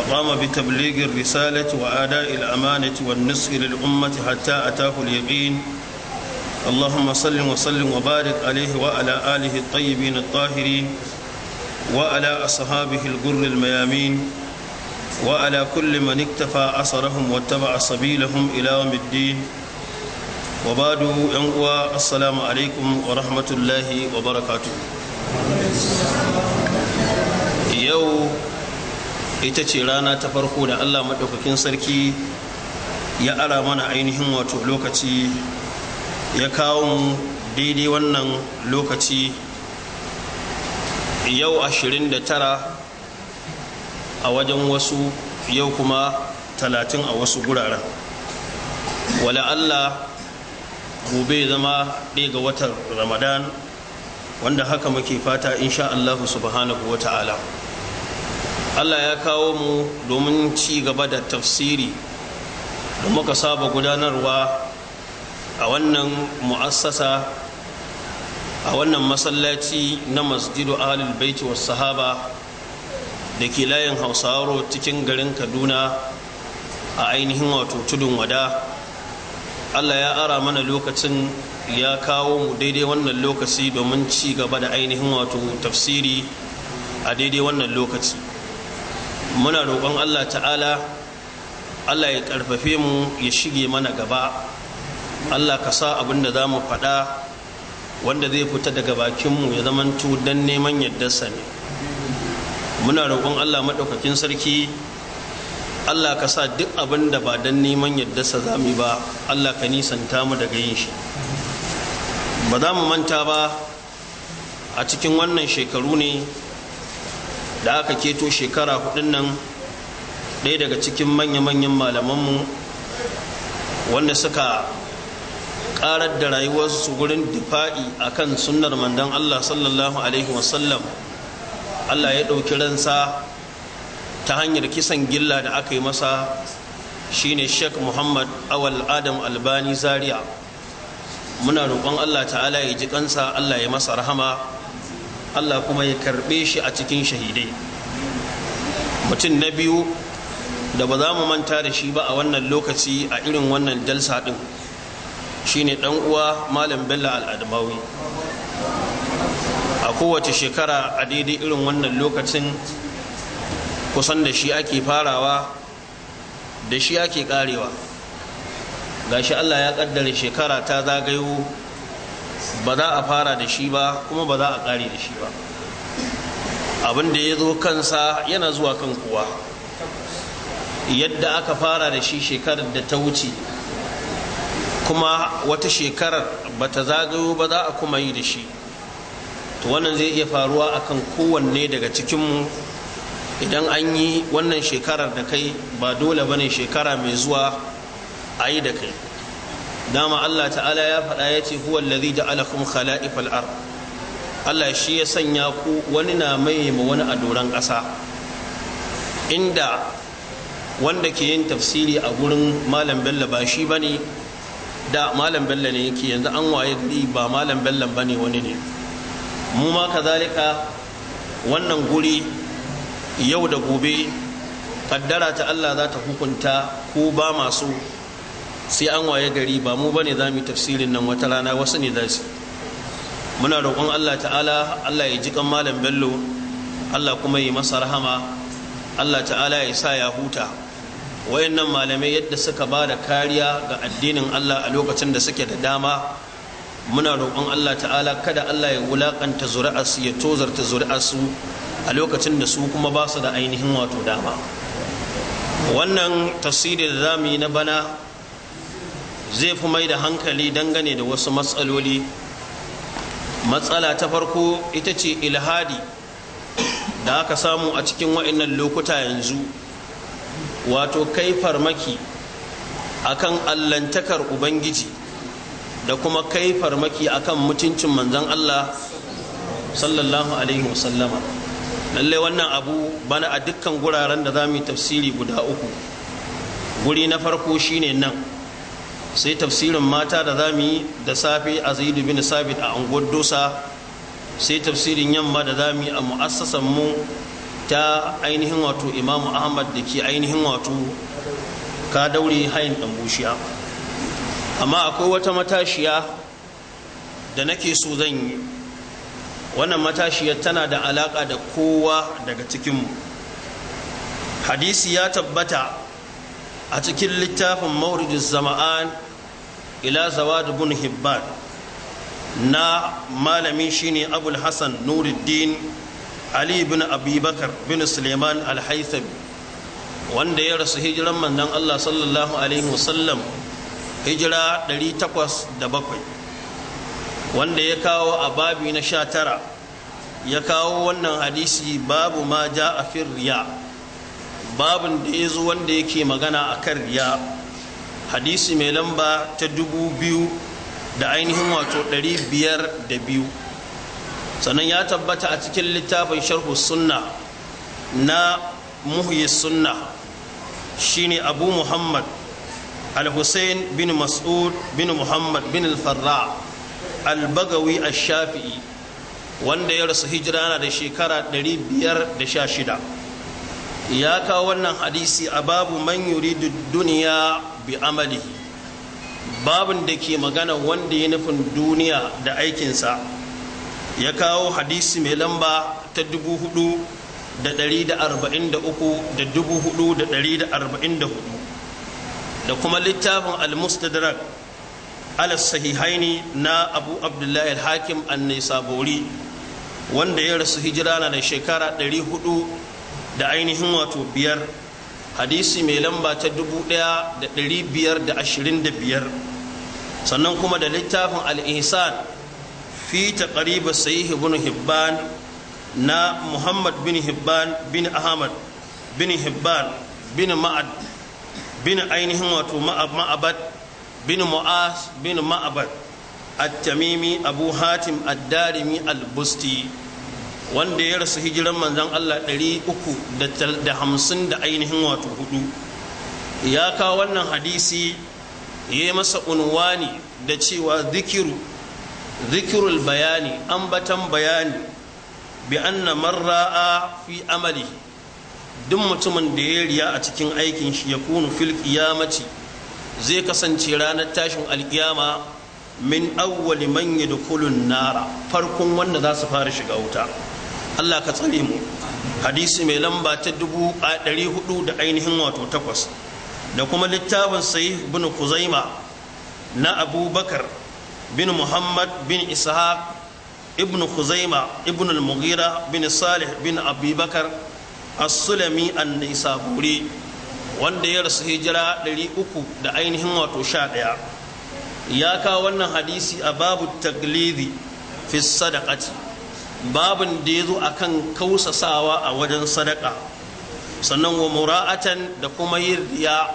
فقام بتبليغ الرسالة وآداء الأمانة والنصح للأمة حتى أتاه اليقين اللهم صل وسلم وبارك عليه وعلى آله الطيبين الطاهرين وعلى أصحابه الجر الميامين وعلى كل من اكتفى أثرهم واتبع سبيلهم إلى يوم الدين وبعد أنقوى السلام عليكم ورحمة الله وبركاته يوم ita ce rana ta farko da allah maɗaukakin sarki ya ara mana ainihin wato lokaci ya kawo mu daidai wannan lokaci yau 29 a wajen wasu yau kuma 30 a wasu guraren wala allah gobe zama ɗaya ga watan ramadan wanda haka muke fata insha allahu subhanahu wa ta'ala Allah ya kawo mu domin ci gaba da tafsiri da muka saba gudanarwa a wannan mu'assasa a wannan masallaci na masjidu ahlul baiti wa sahaba da ke layin hausaro cikin garin kaduna a ainihin wato tudun wada Allah ya ara mana lokacin ya kawo mu daidai wannan lokaci domin ci gaba da ainihin wato tafsiri a daidai wannan lokaci muna roƙon Allah ta'ala Allah ya ƙarfafe mu ya shige mana gaba Allah ka sa abin da za mu faɗa wanda zai fita daga bakinmu ya zamanto don neman yadda ne muna roƙon Allah maɗaukakin sarki Allah ka sa duk abin da ba don neman yardarsa za mu ba Allah ka nisanta mu daga yin shi ba za mu manta ba a cikin wannan shekaru ne da aka keto shekara hudun nan ɗaya daga cikin manya-manyan malamanmu wanda suka ƙarar da rayuwarsu gurin difa'i a kan sunnar mandan Allah sallallahu alaihi wasallam Allah ya ɗauki ransa ta hanyar kisan gilla da aka yi masa shine Sheikh Muhammad Awal Adam Albani Zaria muna roƙon Allah ta'ala ya ji ƙansa Allah ya masa rahama Allah kuma ya karɓe shi a cikin shahidai mutum na biyu da ba za mu manta da shi ba a wannan lokaci a irin wannan jalsa ɗin shine ɗan uwa malam bello al'adamawi a kowace shekara a daidai irin wannan lokacin kusan da shi ake farawa da shi ake ƙarewa gashi Allah ya ƙaddare shekara ta zagayo ba za a fara da shi ba kuma ba za a ƙare da shi ba abin da ya zo kansa yana zuwa kan kuwa. yadda aka fara da shi shekarar da ta wuce kuma wata shekarar ba ta zagayo ba za a kuma yi da shi to wannan zai iya faruwa akan kowanne daga cikinmu idan an yi wannan shekarar da kai ba dole ba ne shekara mai zuwa a yi da kai dama Allah ta'ala ya faɗa ya ce huwa allazi ja'alakum khala'ifal ard Allah shi ya sanya ku wani na mai ma wani a doron ƙasa inda wanda ke yin tafsiri a gurin malam bello ba shi bane da malam bello ne yake yanzu an waye gari ba malam bello bane wani ne mu ma kazalika wannan guri yau da gobe kaddara ta Allah za ta hukunta ko ba masu sai an waye gari ba mu bane za mu tafsirin nan wata rana wasu ne za su muna roƙon Allah ta'ala Allah ya ji kan malam bello Allah kuma ya masa rahama Allah ta'ala ya sa ya huta wayannan malamai yadda suka ba da kariya ga addinin Allah a lokacin da suke da dama muna roƙon Allah ta'ala kada Allah ya wulakanta su, ya tozarta su a lokacin da su kuma ba su da ainihin wato dama wannan tafsiri da zamu yi na bana zai fi mai da hankali dangane da wasu matsaloli matsala ta farko ita ce ilhadi da aka samu a cikin wa'annan lokuta yanzu wato kai farmaki akan allantakar ubangiji da kuma kai farmaki akan mutuncin manzon Allah sallallahu alaihi wasallama lalle wannan abu bana a dukkan guraren da za mu yi tafsiri guda uku guri na farko shine nan sai tafsirin mata da za mu yi da safe a zaidu bin sabit a unguwar dosa sai tafsirin yamma da za mu yi a mu'assasan mu ta ainihin wato imamu ahmad da ke ainihin wato ka daure hayin ɗan bushiya amma akwai wata matashiya da nake so zan yi wannan matashiya tana da alaka da kowa daga cikinmu hadisi ya tabbata a cikin littafin mauridus zama'an ila zawadu bin hibban na malami shine abul hassan nuruddin ali bin abubakar bin suleiman al wanda ya rasu hijiran manzon allah sallallahu alaihi wasallam hijira 807 wanda ya kawo a babi na 19 ya kawo wannan hadisi babu ma ja a firriya babin da ya zo wanda yake magana a kan riya hadisi mai lamba ta dubu biyu da ainihin wato ɗari biyar da biyu sannan ya tabbata a cikin littafin sharhu sunna na muhyi sunna shine abu muhammad al-hussein bin mas'ud bin muhammad bin al-farra al-bagawi al-shafi'i wanda ya rasu hijira na da shekara 516 ya kawo wannan hadisi a babu man yuridu duniya bi amali babin da ke magana wanda ya nufin duniya da aikinsa ya kawo hadisi mai lamba ta 4,143 da 4,144 da kuma littafin al-mustadrak al-sahihaini na abu abdullahi al-hakim an-nisaburi wanda ya rasu hijira na da shekara 400 da ainihin wato biyar hadisi mai lamba ta dubu ɗaya da ɗari biyar da ashirin da biyar sannan kuma da littafin al'isan fi ta ƙariba sayi ibn hibban na muhammad bin hibban bin ahmad bin hibban bin ma'ad bin ainihin wato ma'abad bin mu'as bin ma'abad at-tamimi abu hatim ad-darimi al-busti wanda ya rasu hijiran manzan Allah 350 da ainihin wato hudu ya kawo wannan hadisi ya yi masa unwani da cewa zikiru zikirul bayani batan bayani bi anna marra'a fi amali duk mutumin da ya riya a cikin aikin shi ya kunu fil kiyamaci zai kasance ranar tashin alkiyama min awwali da yadkhulun nara farkon wanda za su fara shiga wuta Allah ka tsare mu hadisi mai lamba ta dubu ɗari hudu da ainihin wato takwas da kuma littafin sai bin kuzaima na abubakar bin muhammad bin ishaq ibn kuzaima ibn al-mughira bin salih bin abubakar as-sulami an-nisaburi wanda ya rasu hijira ɗari uku da ainihin wato sha ɗaya ya kawo wannan hadisi a babu taglidi fi sadaqati babin da ya zo a kan kausasawa a wajen sadaka sannan wa mura'atan da kuma yi riya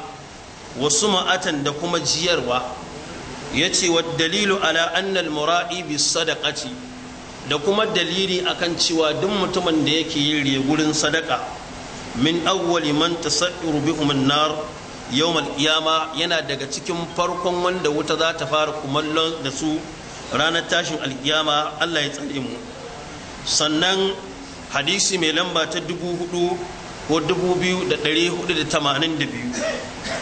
wa suma'atan da kuma jiyarwa ya ce wa dalilu ala annal mura'i bi sadaqati da kuma dalili akan cewa duk mutumin da yake yin riya gurin sadaka min awwali man tasayyiru bihum an-nar yawm al yana daga cikin farkon wanda wuta za ta fara kumallon da su ranar tashin alƙiyama. Allah ya tsare mu sannan hadisi mai lamba ta dubu hudu ko dubu biyu da dari hudu da tamanin da biyu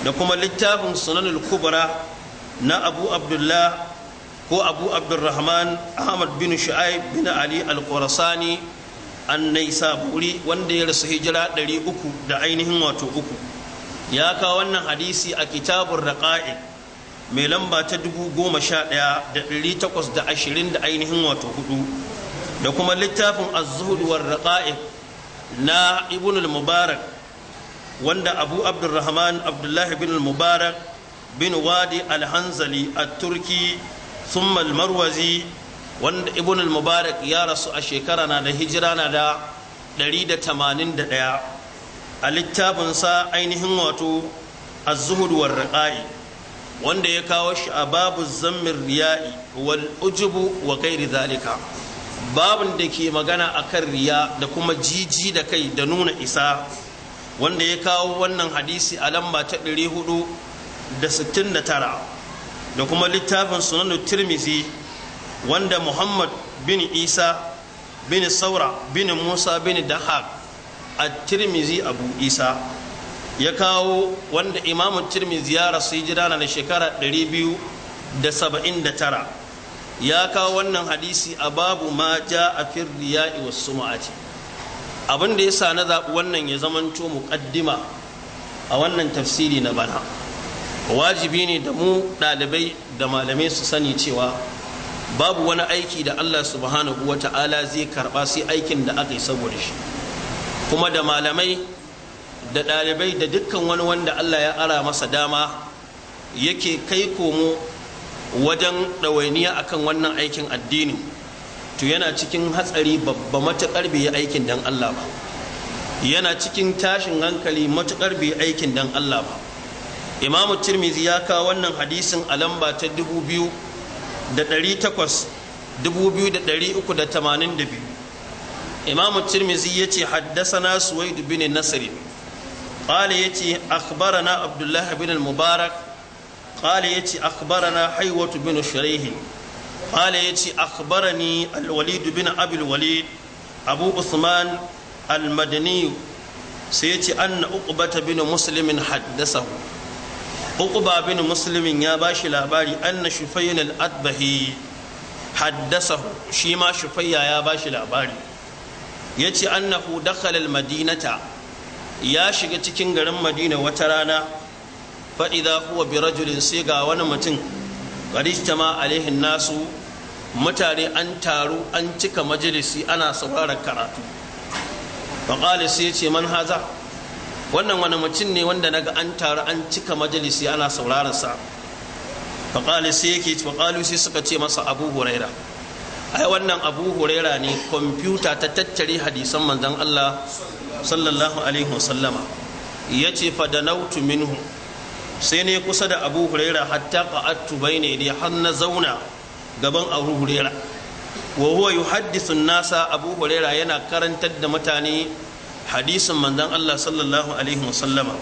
da kuma littafin sunanul kubra na abu abdullah ko abu abdulrahman ahmad bin shu'aib bin ali al-qurasani annai buri wanda ya rasu hijira dari uku da ainihin wato uku ya kawo wannan hadisi a kitabun raqa'i mai lamba ta dubu goma sha ɗaya da ɗari takwas da ashirin da ainihin wato hudu da kuma littafin az-zuhd na ibn al-mubarak wanda abu abdurrahman abdullah ibn al-mubarak bin wadi al-hanzali at-turki thumma al-marwazi wanda ibn al-mubarak ya rasu a shekara na da hijira na da 181 a littafinsa ainihin wato az-zuhd wanda ya kawo shi a babu zammin riya'i wal ujubu wa gairi zalika babin da ke magana a kan riya da kuma jiji da kai da nuna isa wanda ya kawo wannan hadisi a lamba ta 469 da kuma littafin sunanu tirmizi wanda muhammad bin isa bin saura bin musa bin dahak a tirmizi abu isa ya kawo wanda imamun tirmizi ya rasu hijira na shekara 279 ya kawo wannan hadisi a babu ma ja a firriya iwa suma'ati abin da ya sa na zaɓi wannan ya zamanto muƙaddima a wannan tafsiri na bana wajibi ne da mu ɗalibai da malamai su sani cewa babu wani aiki da Allah subhanahu wa ta'ala zai karɓa sai aikin da aka yi saboda shi kuma da malamai da ɗalibai da dukkan wani wanda Allah ya ara masa dama yake kai komo wajen ɗawainiya a kan wannan aikin addini to yana cikin hatsari babba matuƙar bai aikin dan Allah ba yana cikin tashin hankali matuƙar bai aikin dan Allah ba imam tirmizi ya kawo wannan hadisin a lamba ta 2,382 imam tirmizi ya ce haddasa na suwaidu bin nasiri ce akabara na Abdullahi الله بن Mubarak. قال يتي أخبرنا حيوة بن شريح قال يتي أخبرني الوليد بن أبي الوليد أبو عثمان المدني سيتي أن أقبة بن مسلم حدثه أقبة بن مسلم يا باشي لاباري أن شفين الأدبهي حدثه شيما شفيا يا باشي لاباري يتي أنه دخل المدينة يا شيخ تكين غرم مدينة وترانا fa idza huwa bi rajulin sai ga wani mutum qad ijtama alaihi nasu mutane an taru an cika majalisi ana sauraron karatu fa qala sai ce man haza wannan wani mutum ne wanda naga an taru an cika majalisi ana sauraron sa fa qala sai yake fa qalu sai suka ce masa abu huraira ai wannan abu huraira ne kwamfuta ta tattare hadisan manzon Allah sallallahu alaihi wasallama yace fa danautu minhu sai ne kusa da abu huraira hatta bai ne da har na zauna gaban abu huraira wa huwa yuhaddithu nasa abu huraira yana karantar da mutane hadisin manzan Allah sallallahu alaihi wasallama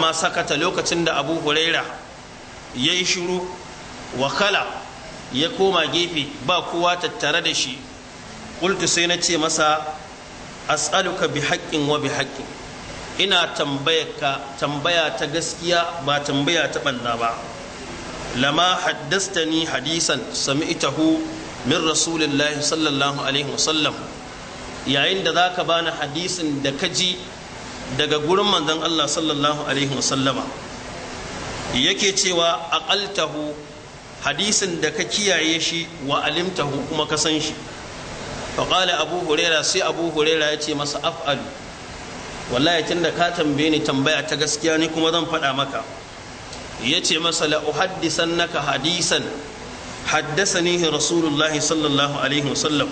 ma sakata lokacin da abu huraira yayi shiru wa kala ya koma gefe ba kowa tattare da shi qultu sai na ce masa as'aluka bi haqqin wa bi haqqin ina tambaya ta gaskiya ba tambaya ta banna ba lama haddasta ni hadisan sami sami'tahu min rasulillahi sallallahu alaihi wasallam yayin da zaka bani hadisin da kaji daga gurin manzon Allah sallallahu alaihi wasallama yake cewa aqaltahu hadisin da ka kiyaye shi wa alimtahu kuma ka san shi faqala abu huraira sai abu huraira ya ce masa af'adu. wallahi tunda ka tambaye ni tambaya ta gaskiya ni kuma zan faɗa maka yace masa la uhaddisannaka hadisan haddasanihi rasulullahi sallallahu alaihi wasallam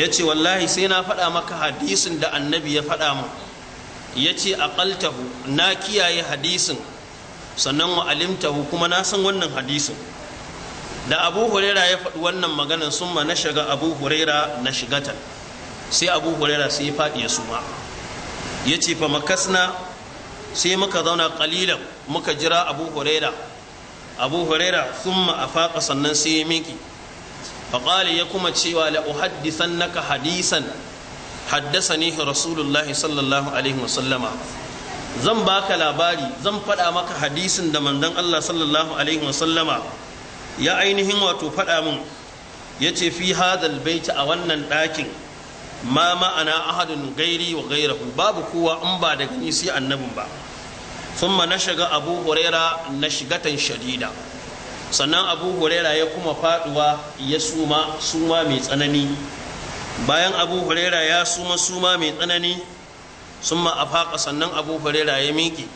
yace wallahi sai na faɗa maka hadisin da annabi ya faɗa mu yace aqaltahu na kiyaye hadisin sannan wa alimtahu kuma na san wannan hadisin da abu huraira ya faɗi wannan maganar sun na shiga abu huraira na shigatan sai abu huraira sai ya faɗi ya suma ya ce fa makasna sai muka zauna kalilan muka jira abu huraira abu huraira sun ma'afaƙa sannan sai ya miki faƙali ya kuma cewa la'uhaddisan naka hadisan haddasa ne rasulullahi sallallahu alaihi wasallama zan baka labari zan faɗa maka hadisin da mandan Allah sallallahu alaihi wasallama ya ainihin wato faɗa min ya ce fi hadal baiti a wannan ɗakin ma ma'ana ahadun gairi wa gairahu babu kowa in ba da ni sai annabin ba na shiga abu huraira shigatan shadida sannan abu huraira ya kuma faduwa ya suma suma mai tsanani bayan abu huraira ya suma suma mai tsanani summa afaqa sannan abu huraira ya miƙe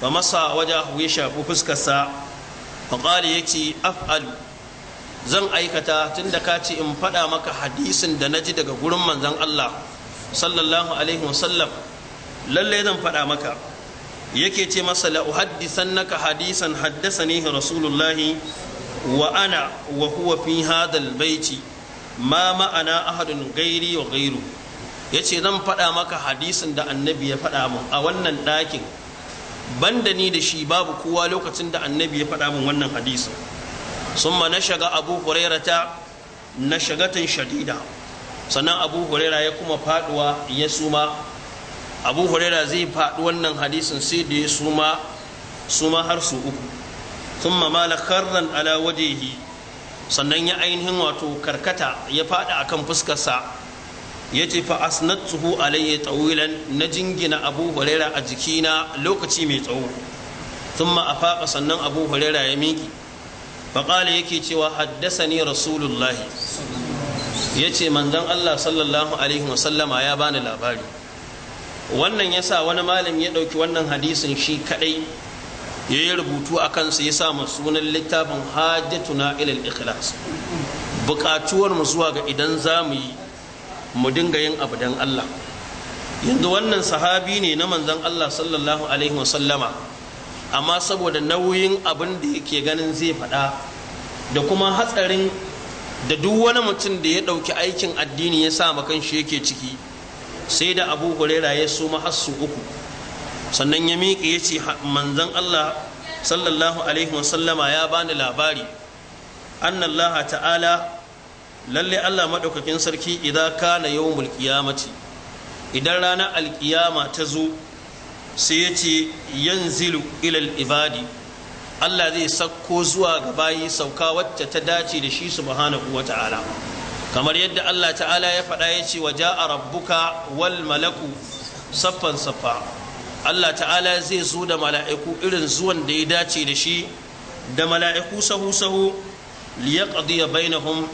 fa masa wajahu ya shafi fuskarsa fa yake yace af'alu zan aikata tunda ka ce in faɗa maka hadisin da na ji daga gurin manzon Allah sallallahu alaihi wasallam lalle zan faɗa maka yake ce masa la naka hadisan haddasa haddasanihi rasulullahi wa ana wa huwa fi hadal baiti ma ma'ana ahadun gairi wa gairu ya ce zan faɗa maka hadisin da annabi ya faɗa min a wannan ɗakin banda ni da shi babu kowa lokacin da annabi ya faɗa min wannan hadisin summa shiga abu hurairata nashagatan shadida sannan abu hurera ya kuma faduwa ya suma abu hurera zai faɗi wannan hadisin sai da ya suma suma har su uku thumma mala karran ala sannan ya ainihin wato karkata ya faɗi akan fuskarsa ya ce fa asnattuhu alayya tawilan na jingina abu huraira a jikina lokaci mai tsawo a afaqa sannan abu hurera ya miki faƙala yake cewa haddasa ne rasulullahi ya ce manzan allah sallallahu alaihi wasallama ya bani labari wannan ya sa wani malam ya ɗauki wannan hadisin shi kaɗai ya yi rubutu a kansa ya sa sunan littafin hajjatuna ilal ikhlas buƙatuwar mu zuwa ga idan za mu yi mu dinga yin abu don allah yanzu wannan sahabi ne na manzan allah sallallahu alaihi wasallama amma saboda nauyin abin da yake ganin zai faɗa da kuma hatsarin da duk wani mutum da ya ɗauki aikin addini ya sa makan shi yake ciki sai da abu huraira ya su mahassu uku sannan ya miƙe ya ce manzan allah sallallahu alaihi wasallama ya bani labari annallaha ta'ala lalle allah maɗaukakin sarki idan kana mulkiya mace, idan ranar alkiyama ta zo sai ya ce yanzilu ilal ibadi Allah zai sauko zuwa ga bayi sauka wacce ta dace da shi subhanahu wa ta'ala kamar yadda Allah ta'ala ya faɗa ya ce waje a rabbuka wal malaku saffan saffa Allah ta'ala zai zo da mala'iku irin zuwan da ya dace da shi da mala'iku sahu sahu liyaqdiya hum.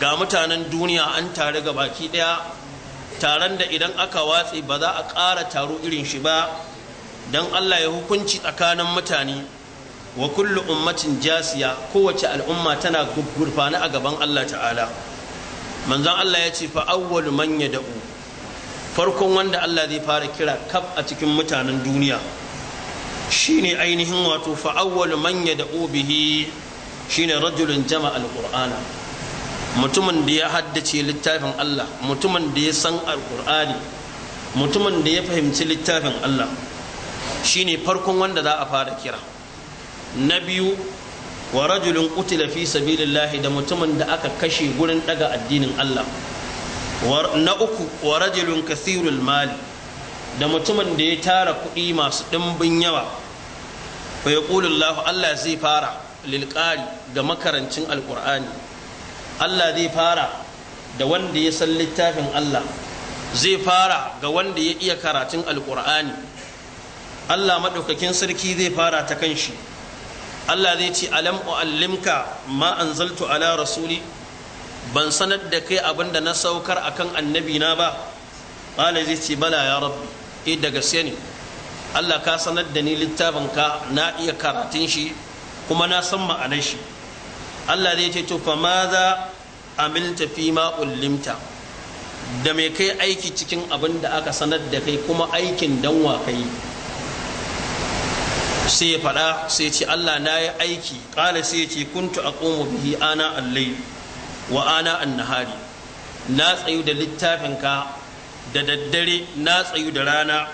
ga mutanen duniya an tare ga baki ɗaya taron da idan aka watse ba za a ƙara taro irin shi ba don Allah ya hukunci tsakanin mutane wa kullu ummatin jasiya kowace al'umma tana gurfana a gaban Allah ta'ala manzon Allah ya ce fa awwalu man farkon wanda Allah zai fara kira kaf a cikin mutanen duniya shine ainihin wato fa awwalu man yad'u bihi shine rajulun jama'a al mutumin da ya haddace littafin Allah mutumin da ya san alkur'ani mutumin da ya fahimci littafin Allah shine farkon wanda za a fara kira na biyu wa rajulun qutila fi sabilillahi da mutumin da aka kashe gurin daga addinin Allah na uku wa rajulun kathirul mali da mutumin da ya tara kuɗi masu ɗimbin yawa fa yaqulu Allah Allah zai fara lilqari ga makarancin alkur'ani Allah zai fara da wanda ya san littafin Allah zai fara ga wanda ya iya karatun alkur'ani Allah maɗaukakin sarki zai fara ta kan shi Allah zai ce alam u'allimka ma anzaltu ala rasuli ban sanar da kai abin da na saukar akan annabi na ba ƙala zai ce bala ya rabbi eh da gaske ne Allah ka sanar da ni littafin ka na iya karatun shi kuma na san ma'anar shi Allah zai ce to fa maza milta fi ma ulimta da mai kai aiki cikin abin da aka sanar da kai kuma aikin danwa kai sai ya faɗa sai ce Allah na yi aiki ƙala sai ce kuntu a bihi ana allai wa ana annahari na tsayu da littafinka da daddare na tsayu da rana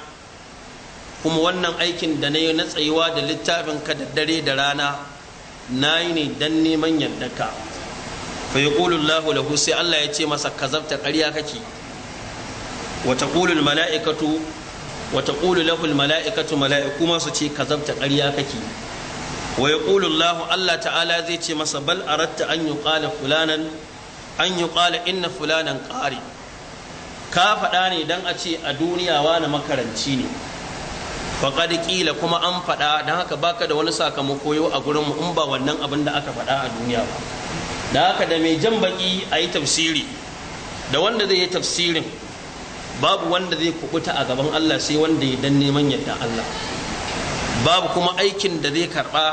kuma wannan aikin da na yi na tsayuwa da littafinka da dare da rana Na yi ne dan neman yardarka fa yaqulu Allahu lahu sai Allah ya ce masa kazabta ƙarya kake wa taqulu mala'ikatu wa taqulu lahu mala'ikatu mala'iku masu ce kazabta ƙarya kake wa yaqulu Allahu Allah ta'ala zai ce masa bal aratta an yuqala fulanan an yuqala inna fulanan ƙari. ka faɗa ne dan a ce a duniya wani makaranci ne faqad ƙila kuma an faɗa don haka baka da wani sakamako yau a gurin mu in ba wannan abin da aka faɗa a duniya ba da haka da mai jan baƙi a yi tafsiri da wanda zai yi tafsirin babu wanda zai kubuta a gaban Allah sai wanda ya dan neman yadda Allah babu kuma aikin da zai karɓa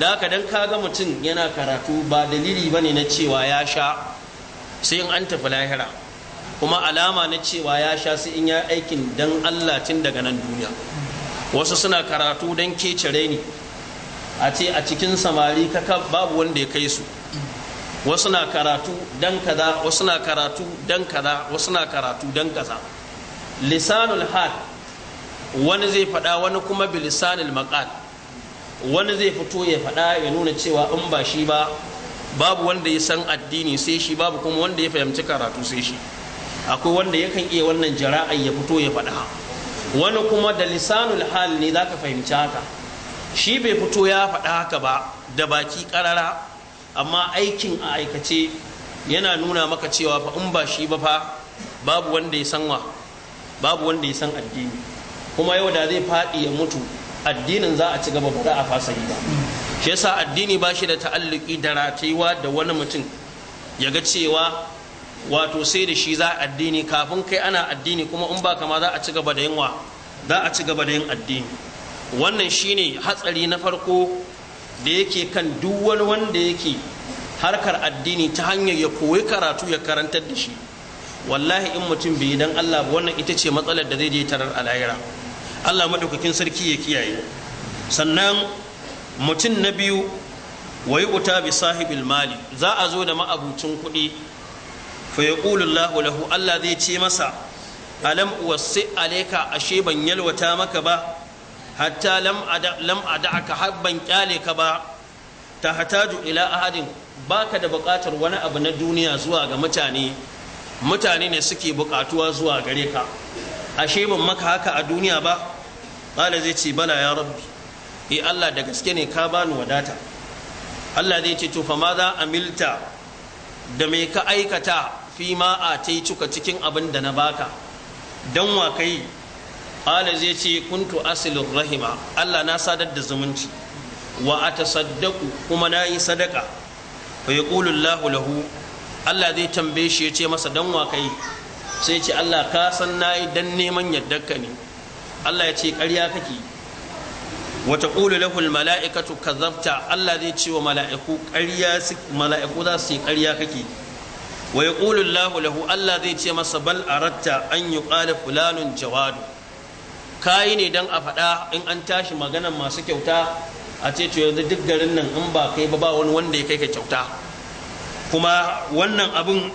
da haka dan kaga mutum yana karatu ba dalili bane na cewa ya sha sai in an tafi lahira kuma alama na cewa ya sha sai in ya aikin dan Allah tun daga nan duniya wasu suna karatu don kece ni a ce a cikin samari kaka babu wanda ya kai su wasu na karatu dan kaza wasu na karatu dan kaza wasu na karatu dan kaza lisanul hal wani zai faɗa wani kuma bi lisanul maqal wani zai fito ya faɗa ya nuna cewa in ba shi ba babu wanda ya san addini sai shi babu kuma wanda ya fahimci karatu sai shi akwai wanda yakan iya wannan jara'ai ya fito ya faɗa wani kuma da lisanul hal ne za ka fahimci haka shi bai fito ya faɗa haka ba da baki karara amma aikin a aikace yana nuna maka cewa fa in ba shi ba fa babu wanda ya san babu wanda ya san addini kuma yau da zai faɗi ya mutu addinin za a ci gaba ba za a fasa yi ba shi yasa addini ba shi da ta'alluki da ratayuwa da wani mutum ya ga cewa wato sai da shi za addini kafin kai ana addini kuma in ba kama za a ci gaba da yin wa za a ci gaba da yin addini wannan shine hatsari na farko da yake kan duk wani wanda yake harkar addini ta hanyar ya koyi karatu ya karantar da shi wallahi in mutum bai dan Allah ba wannan ita ce matsalar da zai je tarar a lahira Allah madaukakin sarki ya kiyaye sannan mutum na biyu wa yi bi sahibil mali za a zo da ma'abucin kuɗi fa yaqulu Allahu lahu Allah zai ce masa alam wasi alayka ashe ban yalwata maka ba hatta lam ada lam ada'aka habban kyale ka ba tahtaju ila ahadin baka da buƙatar wani abu na duniya zuwa ga mutane mutane ne suke buƙatuwa zuwa gare ka ashe ban maka haka a duniya ba ƙala zai ce bala ya eh Allah da gaske ne bani wadata Allah zai ce to fa amilta da me ka aikata fi ma a cuka cikin abin da na baka dan wa kai ala zai ce kuntu asilin rahima Allah na sadar da zumunci wa a Sadaku kuma na yi sadaka fa ya Allahu lahu Allah zai tambaye shi ya ce masa dan wa kai sai ce Allah ka san na yi don neman yaddarka ne Allah ya ce ƙarya kake wa ƙulu lahu mala'ikatu mala'ikatu kadhabta Allah zai ce wa mala'iku ƙarya mala'iku za su yi ƙarya kake wa yaqulu lahu Allah zai ce masa bal ratta an yuqala fulanun jawadu kayi ne dan a faɗa in an tashi magana masu kyauta a ce to yanzu duk garin nan in ba kai ba ba wani wanda ya kai ka kyauta kuma wannan abin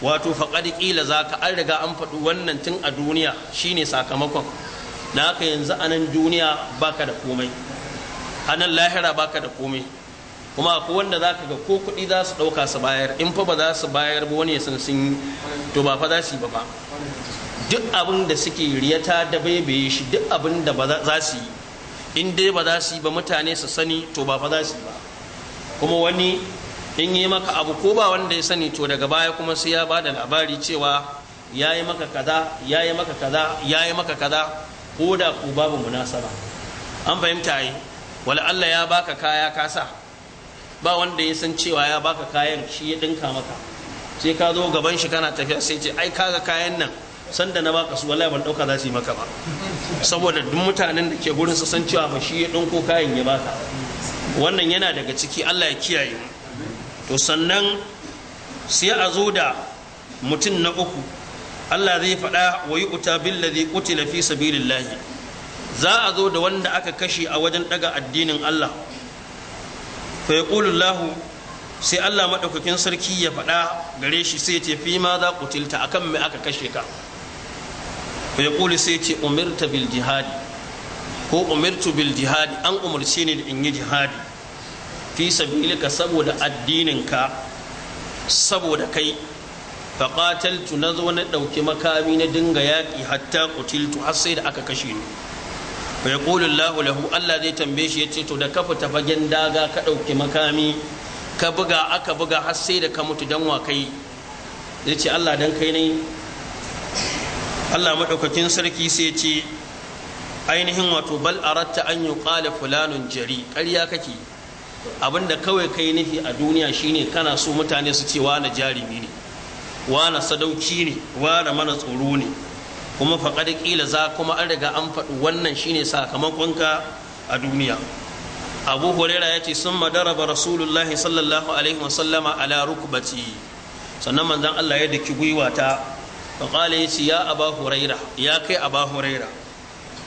wato faƙad ƙila za ka an riga an faɗi wannan tun a duniya shine sakamakon na haka yanzu anan duniya baka da komai a nan lahira baka da komai kuma akwai wanda za ka ga ko kuɗi za su ɗauka su bayar in fa ba za su bayar ba wani ya san sun to ba fa za su yi ba ba duk abin da suke riyata da baibaye shi duk abin da ba za su yi in dai ba za su yi ba mutane su sani to ba fa za su yi ba kuma wani in yi maka abu ko ba wanda ya sani to daga baya kuma sai ya bada labari cewa ya yi maka kaza ya yi maka kaza ya yi maka kaza ko da ku babu munasaba an fahimta yi wala Allah ya baka kaya kasa ba wanda ya san cewa ya baka kayan shi ya dinka maka sai ka zo gaban shi kana tafiya sai ce ai kaga kayan nan sanda na baka su wallahi ban dauka za su yi maka ba saboda duk mutanen da ke gurin su san cewa ba shi ya dinko kayan ya baka wannan yana daga ciki Allah ya kiyaye to sannan sai a zo da mutum na uku Allah zai faɗa wa yi uta billadhi qutila fi sabilillah za a zo da wanda aka kashe a wajen daga addinin Allah fa yaqulu sai Allah maɗaukakin sarki ya faɗa gare shi sai ya ce fi ma za akan me aka kashe ka fa sai ce umirta bil jihadi ko umirtu bil jihadi an umarce ni da in yi jihadi fi sabilika saboda addininka saboda kai tu na zo na ɗauki makami na dinga yaƙi hatta kutiltu har sai da aka kashe ni fa yaqulu Allah lahu Allah zai tambaye shi yace to da ka fita fagen daga ka dauke makami ka buga aka buga har sai da ka mutu dan wa kai yace Allah dan kai ne Allah madaukakin sarki sai yace ainihin wato bal aratta an yuqala fulanun jari ƙarya kake abinda kawai kai nufi a duniya shine kana so mutane su ce wani jarimi ne wani sadauki ne wani mana tsoro ne kuma faƙar ƙila za kuma an riga an faɗi wannan shine sakamakonka a duniya abu huraira ya ce sun madaraba rasulullahi sallallahu alaihi wasallama ala rukbati sannan manzan allah ya daki gwiwa ta faƙala ya ce ya aba huraira ya kai aba huraira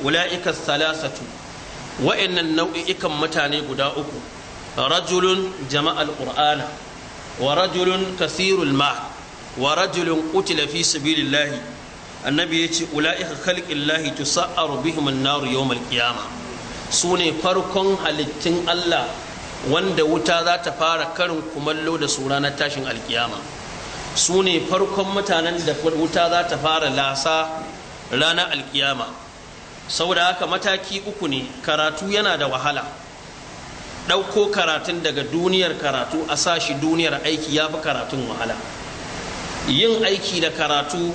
ula'ika salasatu wa'annan nau'i'ikan mutane guda uku rajulun jama'al qur'ana wa rajulun kasirul ma wa rajulun qutila fi sabilillahi annabi ya ce ula'ika lahi tusa'aru bihim an-nar yawm al-qiyama sune farkon halittun Allah wanda wuta za ta fara karin kumallo da su ranar tashin alkiyama sune farkon mutanen da wuta za ta fara lasa ranar alkiyama da haka mataki uku ne karatu yana da wahala ɗauko karatun daga duniyar karatu a sashi duniyar aiki ya fi karatun wahala yin aiki da karatu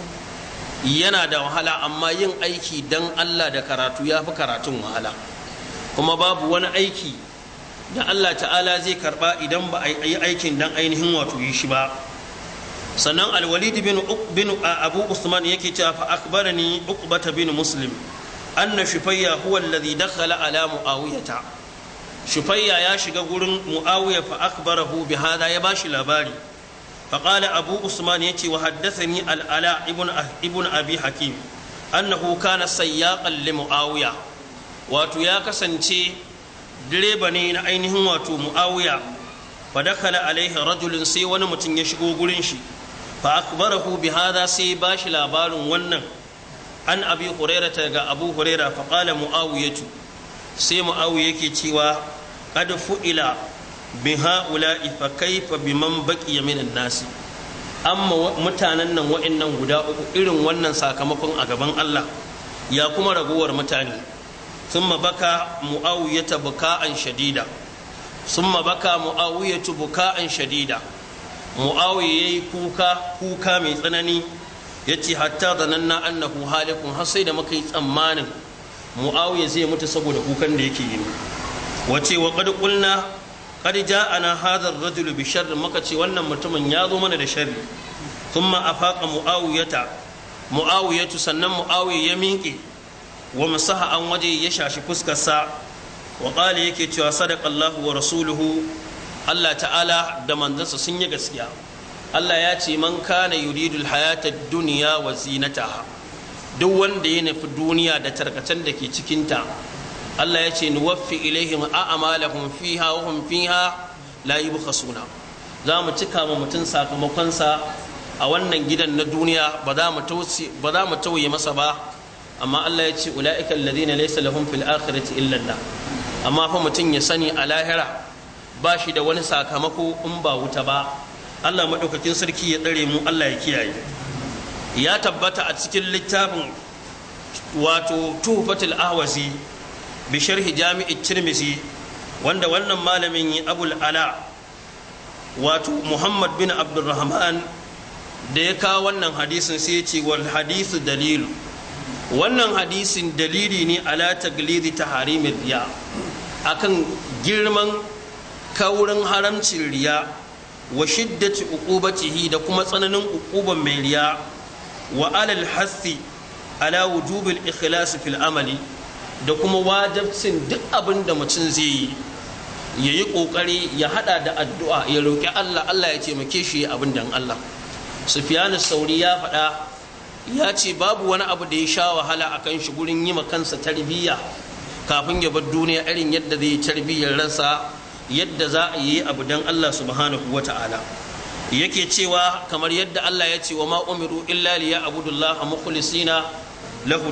yana da wahala amma yin aiki don Allah da karatu ya fi karatun wahala kuma babu wani aiki da Allah ta'ala zai karba idan ba a yi aikin don ainihin wato yi shi ba sannan alwalid bin bin abu usman yake cewa fa akbarani uqbata bin muslim anna shufayya huwa alladhi dakhala ala muawiyata shufayya ya shiga gurin muawiya fa Hu bi hada ya bashi labari abu usman ya فقال haddasa عثمان يتي وحدثني الألاء ابن ابن أبي sai ya كان سياقا wato ya kasance direba ne na ainihin wato mu'awiya fa dakala alaihi rajulun sai wani mutum ya shigo gurin shi fa akbarahu bi hadha sai bashi labarin wannan an abi hurairah ga abu hurairah fa qala sai mu'awiya yake cewa qad fu'ila bi ha'ula'i fa kaifa biman baqiya minan nasi amma mutanen nan wa'annan guda uku irin wannan sakamakon a gaban Allah ya kuma raguwar mutane thumma baka muawiyata buka'an shadida thumma baka muawiyatu buka'an shadida muawiya yayi kuka kuka mai tsanani yace hatta zananna annahu halikun har sai da muka yi tsammanin muawiya zai mutu saboda kukan da yake yi wace wa qad qulna qad ja'ana na ar-rajulu bi sharr maka ce wannan mutumin ya zo mana da sharri thumma afaqa muawiyata muawiyatu sannan muawiya ya miƙe wa masaha an waje ya shashi fuskar sa wa yake cewa sadaqa Allah wa rasuluhu Allah ta'ala da manzansa sun yi gaskiya Allah ya ce man kana yuridul hayata dunya wa zinataha duk wanda ya nufi duniya da tarkacen da ke cikinta Allah ya ce nuwaffi ilaihim a'malahum fiha wa hum fiha la yubkhasuna za mu cika ma mutum sakamakonsa a wannan gidan na duniya ba za mu tausi ba za mu tauye masa ba amma Allah ya ce ulaika alladhina laysa lahum fil akhirati illa Allah amma fa mutum ya sani a lahira ba shi da wani sakamako in ba wuta ba Allah madaukakin sarki ya tsare mu Allah ya kiyaye ya tabbata a cikin littafin wato tuhfatul ahwazi bi sharhi jami'i tirmisi wanda wannan malamin abul ala wato muhammad bin abdulrahman da ya kawo wannan hadisin sai ya ce hadisu dalilu wannan hadisin dalili ne ala taglidi ta harimin riya akan girman kaurin haramcin riya wa shiddati uqubatihi da kuma tsananin ƙuba mai riya wa alal hasi ala wujubil ikhlas fil amali da kuma wajabcin duk abin da mutum zai yi ya yi ƙoƙari ya haɗa da addu'a ya roƙi Allah Allah ya taimake shi abin da Allah sufiyanu sauri ya faɗa ya ce babu wani abu da ya sha wahala a kan shi gurin yi kansa tarbiyya kafin ya bar duniya irin yadda zai yi tarbiyyar ransa yadda za a yi abu dan Allah subhanahu wa ta'ala yake cewa kamar yadda Allah ya ce wa ma umiru illa liya abudullaha mukhlisina lahu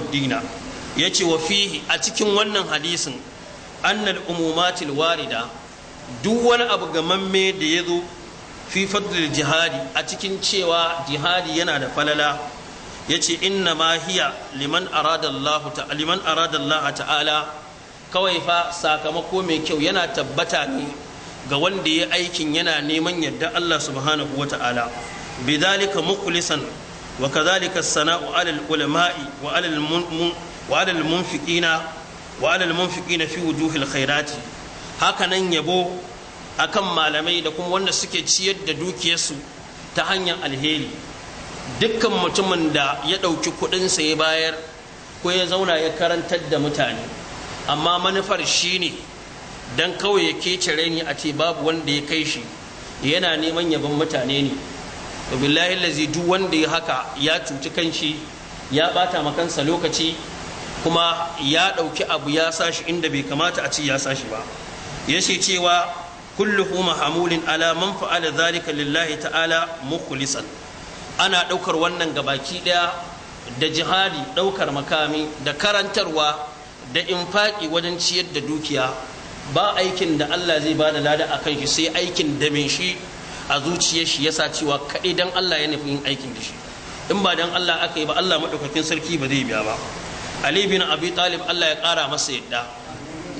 ya ce wa fihi a cikin wannan hadisin annal umumatil warida duk wani abu gamamme da ya zo fi fadlil jihadi a cikin cewa jihadi yana da falala ya ce inna ma hiya liman aradallaha ta'ala kawai fa sakamako mai kyau yana tabbata ne ga wanda ya aikin yana neman yadda Allah subhanahu wa ta'ala bidalika mukhlisan wa kadhalika sana'u alal ulama'i wa alal wa alal munfiqina wa alal munfiqina fi wujuhil khairati yabo akan malamai da kuma wanda suke ciyar da dukiyarsu ta hanyar alheri dukkan mutumin da ya ɗauki kuɗinsa ya bayar ko ya zauna ya karantar da mutane amma manufar shi ne don kawai ya kecere ni a ce babu wanda ya kai shi yana neman yabon mutane ne to billahi lazi duk wanda ya haka ya cuci kanshi ya ɓata makansa lokaci kuma ya ɗauki abu ya sashi inda bai kamata a ci ya shi ba ya ce cewa kulluhu mahamulin ala man fa'ala zalika lillahi ta'ala mukhlisan ana ɗaukar wannan gabaki ɗaya da jihadi ɗaukar makami da karantarwa da in infaƙi wajen ciyar da dukiya ba aikin da Allah zai bada lada a kan shi sai aikin da mai shi a zuciyar shi yasa cewa kaɗai dan Allah ya nufi yin aikin da shi in ba dan Allah aka yi ba Allah maɗaukakin sarki ba zai biya ba ali bin abi talib allah ya kara masa yadda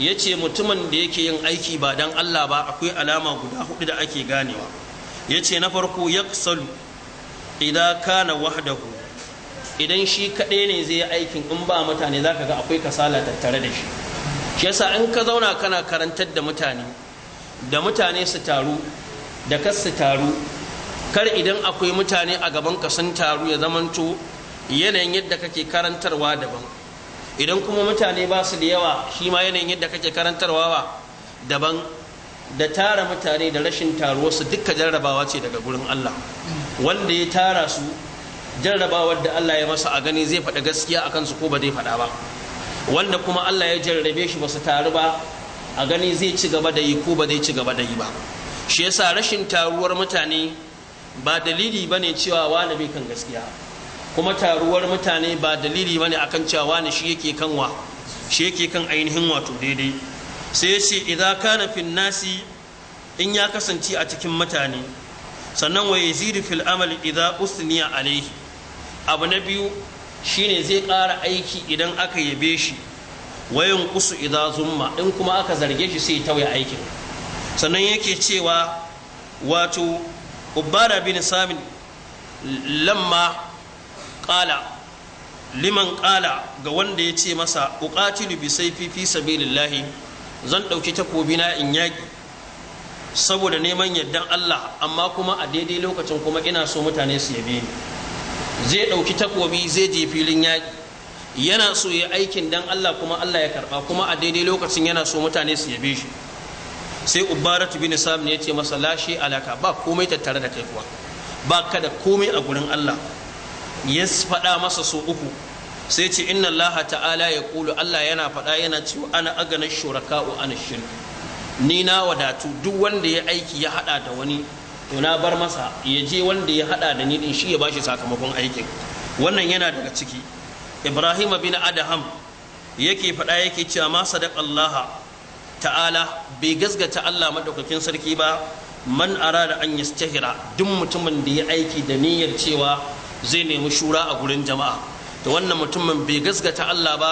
ya ce mutumin da yake yin aiki ba dan allah ba akwai alama guda hudu da ake ganewa ya ce na farko ya salu idan kana wahdahu idan shi kaɗai ne zai yi aikin in ba mutane za ka ga akwai kasala tattare da shi shi yasa in ka zauna kana karantar da mutane da mutane su taru da kas su taru kar idan akwai mutane a gaban ka sun taru ya zamanto yanayin yadda kake karantarwa daban idan kuma mutane ba su da yawa shi ma yanayin yadda kake karantarwa ba daban da tara mutane da rashin taruwa su dukka jarrabawa ce daga gurin Allah wanda ya tara su jarrabawar da Allah ya masa a gani zai faɗa gaskiya a kansu ko ba zai faɗa ba wanda kuma Allah ya jarrabe shi ba su taru ba a gani zai ci gaba da yi ko ba zai ci gaba da yi ba shi yasa rashin taruwar mutane ba dalili bane cewa wani bai kan gaskiya kuma taruwar mutane ba dalili ba ne akan cewa wani shi yake kan wa shi yake kan ainihin wato daidai sai ya ce idan kana fin nasi in ya kasance a cikin mutane sannan wa yazidu fil amal idan usniya alaihi abu na biyu shine zai ƙara aiki idan aka yabe shi wayan kusu idan zumma in kuma aka zarge shi sai ya tauye aikin sannan yake cewa wato ubara bin samin lamma qala liman qala ga wanda ya ce masa uqatilu bi sayfi fi sabilillahi zan ɗauki takobi na in yaki saboda neman yardan Allah amma kuma a daidai lokacin kuma ina so mutane su yabe ni zai ɗauki takobi zai je filin yaki yana so ya aikin dan Allah kuma Allah ya karba kuma a daidai lokacin yana so mutane su yabe shi sai ubaratu bin sam ne ya ce masa lashe alaka ba komai tattare da kai kuwa ba ka da komai a gurin Allah ya faɗa masa so uku sai ce inna allaha ta'ala ya kulu allah yana faɗa yana cewa ana aganar wa ana shirka. ni na wadatu duk wanda ya aiki ya haɗa da wani to na bar masa ya je wanda ya haɗa da ni din shi ya bashi sakamakon aikin wannan yana daga ciki ibrahim bin adaham yake faɗa yake cewa ma sadaq allah ta'ala bai gasgata allah madaukakin sarki ba man arada an yastahira duk mutumin da ya aiki da niyyar cewa zai nemi shura a gurin jama'a da wannan mutumin bai gasgata Allah ba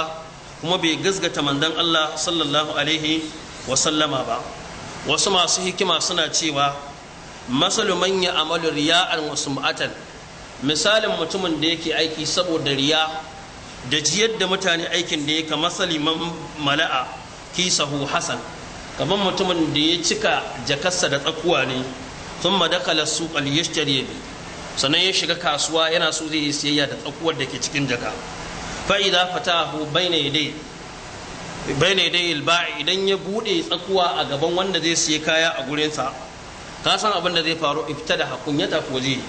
kuma bai gasgata mandan Allah sallallahu alaihi wa ba wasu masu hikima suna cewa masalu man ya amalu riya'an wa sum'atan misalin mutumin da yake aiki saboda riya da jiyar da mutane aikin da ya kama saliman mala'a kisahu hasan kamar mutumin da ya cika jakarsa da tsakuwa ne sun madakala su ƙaliyashtar yabi sannan ya shiga kasuwa yana so zai yi siyayya da tsakuwar da ke cikin jaka fa fatahu bayna yaday bayna yaday al idan ya bude tsakuwa a gaban wanda zai siye kaya a gurin sa ka san abin da zai faru ibtada hakunyata ko zai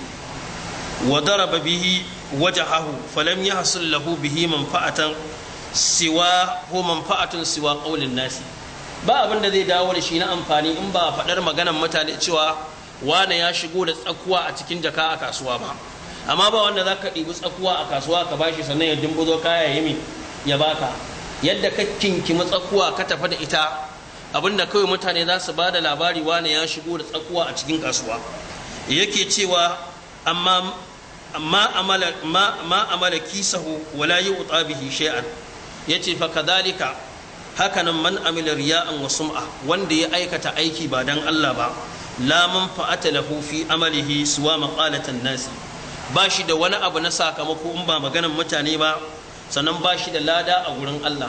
wa daraba bihi wajahahu falam yahsul lahu bihi manfa'atan siwa ko manfa'atun siwa nasi ba abin da zai dawo da shi na amfani in ba faɗar maganar mutane cewa wane ya shigo da tsakuwa a cikin jaka a kasuwa ba amma ba wanda za ka ɗibi tsakuwa a kasuwa ka bashi sannan ya dumbuzo kaya ya ya baka yadda ka kinkimi tsakuwa ka tafi da ita abinda kawai mutane za su ba da labari wane ya shigo da tsakuwa a cikin kasuwa yake cewa amma ma amala ma amala kisahu wala yu'ta bihi shay'an yace fa kadhalika hakanan man amila riya'an wa sum'a wanda ya aikata aiki ba dan Allah ba la manfa'ata lahu fi amalihi suwa maqalatan nasi ba shi da wani abu na sakamako in ba maganan mutane ba sannan ba shi da lada a gurin Allah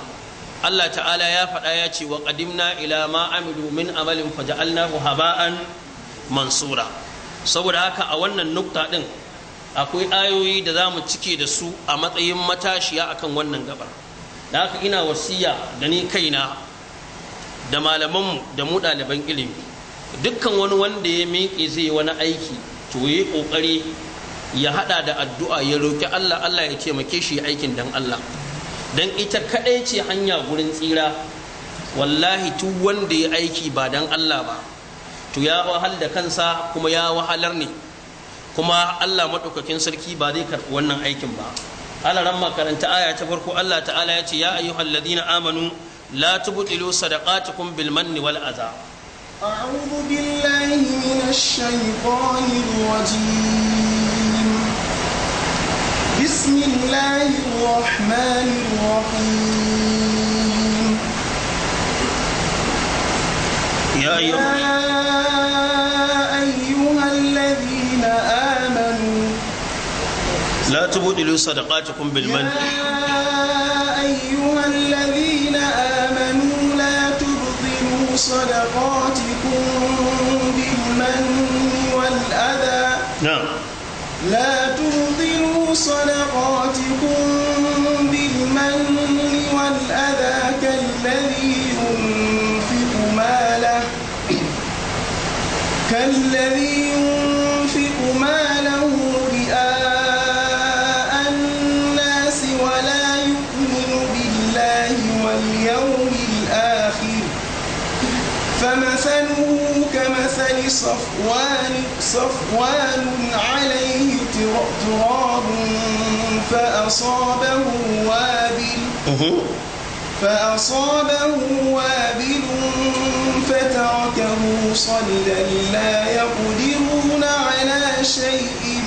Allah ta'ala ya faɗa ya ce wa qadimna ila ma amilu min amalin faja'alnahu haba'an mansura saboda haka a wannan nukta din akwai ayoyi da za mu cike da su a matsayin matashiya akan wannan gabar da haka ina wasiya da ni kaina da malamanmu da mu ɗaliban ilimi dukkan wani wanda ya miƙe zai wani aiki to yi ƙoƙari ya haɗa da addu'a ya roƙi Allah Allah ya taimake shi aikin dan Allah dan ita kaɗai ce hanya gurin tsira wallahi tu wanda ya aiki ba dan Allah ba to ya wahal da kansa kuma ya wahalar ne kuma Allah maɗaukakin sarki ba zai karɓi wannan aikin ba ala ran makaranta aya ta farko Allah ta'ala ya ce ya ayyuhal amanu la tubtilu sadaqatukum bil manni wal azaa أعوذ بالله من الشيطان الرجيم بسم الله الرحمن الرحيم يا أيها الذين آمنوا لا تبدلوا صدقاتكم بالمن يا أيها الذين آمنوا صدقاتكم بالمن والأذى نعم لا تبطلوا صدقاتكم بالمن والأذى كالذي ينفق ماله كالذي ينفق صفوان صفوان عليه تراب فأصابه وابل فأصابه وابل فتركه صلى لا يقدرون على شيء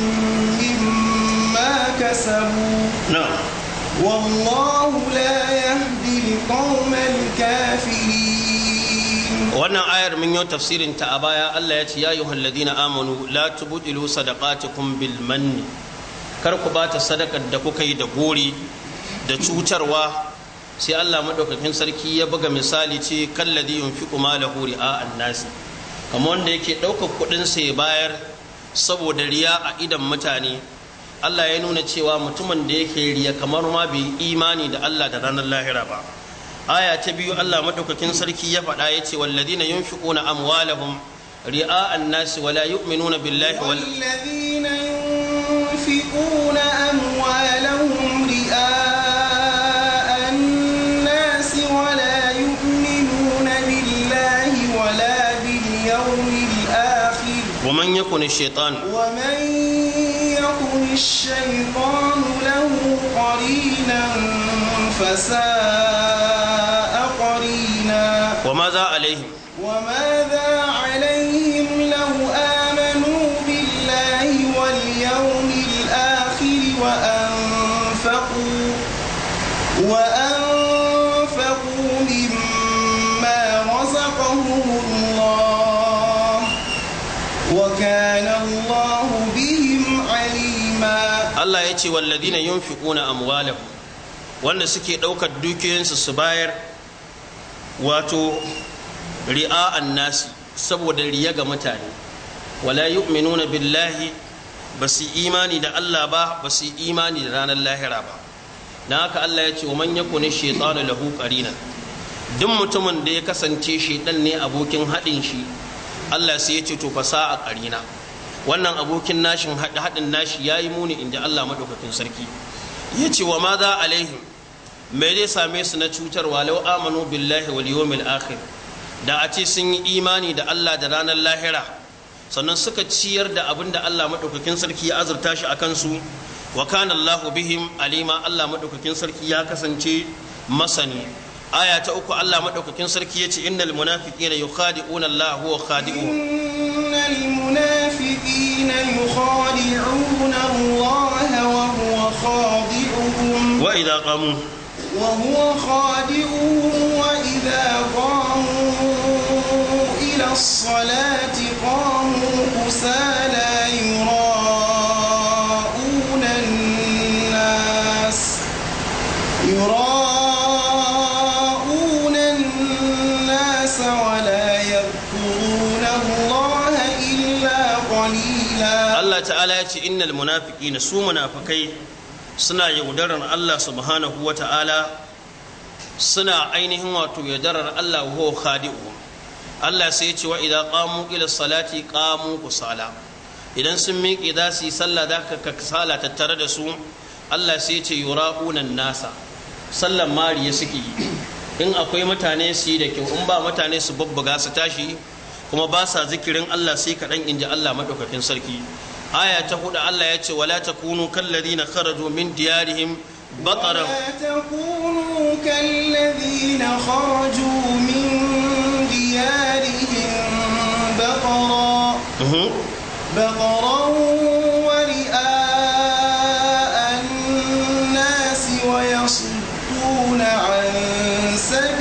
مما كسبوا نعم والله لا يهدي القوم الكافرين wannan ayar mun yi tafsirin ta a baya Allah ya ce ya yi na amanu la tubdilu sadaqatukum bil manni kar ku bata sadakar da kuka yi da gori da cutarwa sai Allah madaukakin sarki ya buga misali ce kalladhi yunfiqu malahu ri'a annasi kamar wanda yake ɗaukar kuɗin sa ya bayar saboda riya a idan mutane Allah ya nuna cewa mutumin da yake riya kamar ma bai imani da Allah da ranar lahira ba آية تبيو الله مدوك كنسر كي يفعل آية والذين ينفقون أموالهم رئاء الناس ولا يؤمنون بالله والذين ينفقون أموالهم رئاء الناس ولا يؤمنون بالله ولا باليوم الآخر ومن يكن الشيطان ومن يكن الشيطان له قرينا فساد عليهم وماذا عليهم لو آمنوا بالله واليوم الآخر وأنفقوا وأنفقوا مما رزقهم الله وكان الله بهم عليما الله يأتي والذين ينفقون أموالهم wanda suke ɗaukar dukiyoyinsu su bayar wato ri'a'an nasi saboda riya ga mutane wala yu'minuna billahi ba su imani da Allah ba ba su imani da ranar lahira ba na haka Allah ya ce wa man yakuni shaytanu lahu qarina duk mutumin da ya kasance shaytan ne abokin haɗin shi Allah sai ya ce to fa sa'a qarina wannan abokin nashin hadin nashi yayi muni inda Allah madaukakin sarki ya ce wa ma za alaihim me zai same su na cutarwa lau amanu billahi wal yawmil akhir da a ce sun yi imani da Allah da ranar lahira sannan suka ciyar da abin da Allah maɗaukakin sarki ya azurta shi a kansu wa kana Allahu bihim alima Allah maɗaukakin sarki ya kasance masani aya ta uku Allah maɗaukakin sarki ya ce innal munafiqina yukhadi'una Allah huwa khadi'un innal munafiqina yukhadi'una Allah wa huwa khadi'uhum wa idza qamu وهو خادعهم وإذا قاموا إلى الصلاة قاموا كسالى يراءون الناس يراءون الناس ولا يذكرون الله إلا قليلا الله تعالى إن المنافقين سوء منافقين suna yaudarar Allah subhanahu wa ta'ala suna ainihin wato yaudarar Allah wa khadi'u Allah sai ya ce wa idan ƙamu ila salati ku kusala idan sun miƙe za su yi sallah za ka kasala tattare da su Allah sai ya ce yura'unan nasa sallan mariya suke yi in akwai mutane su yi da kyau in ba mutane su babbaga su tashi kuma ba sa zikirin Allah sai kaɗan in ji Allah maɗaukakin sarki آية تقول الله Allah ولا تكونوا كالذين خرجوا من ديارهم بطرا ولا تكونوا كالذين خرجوا من ديارهم بطرا بطرا ورئاء الناس ويصدون عن سبيل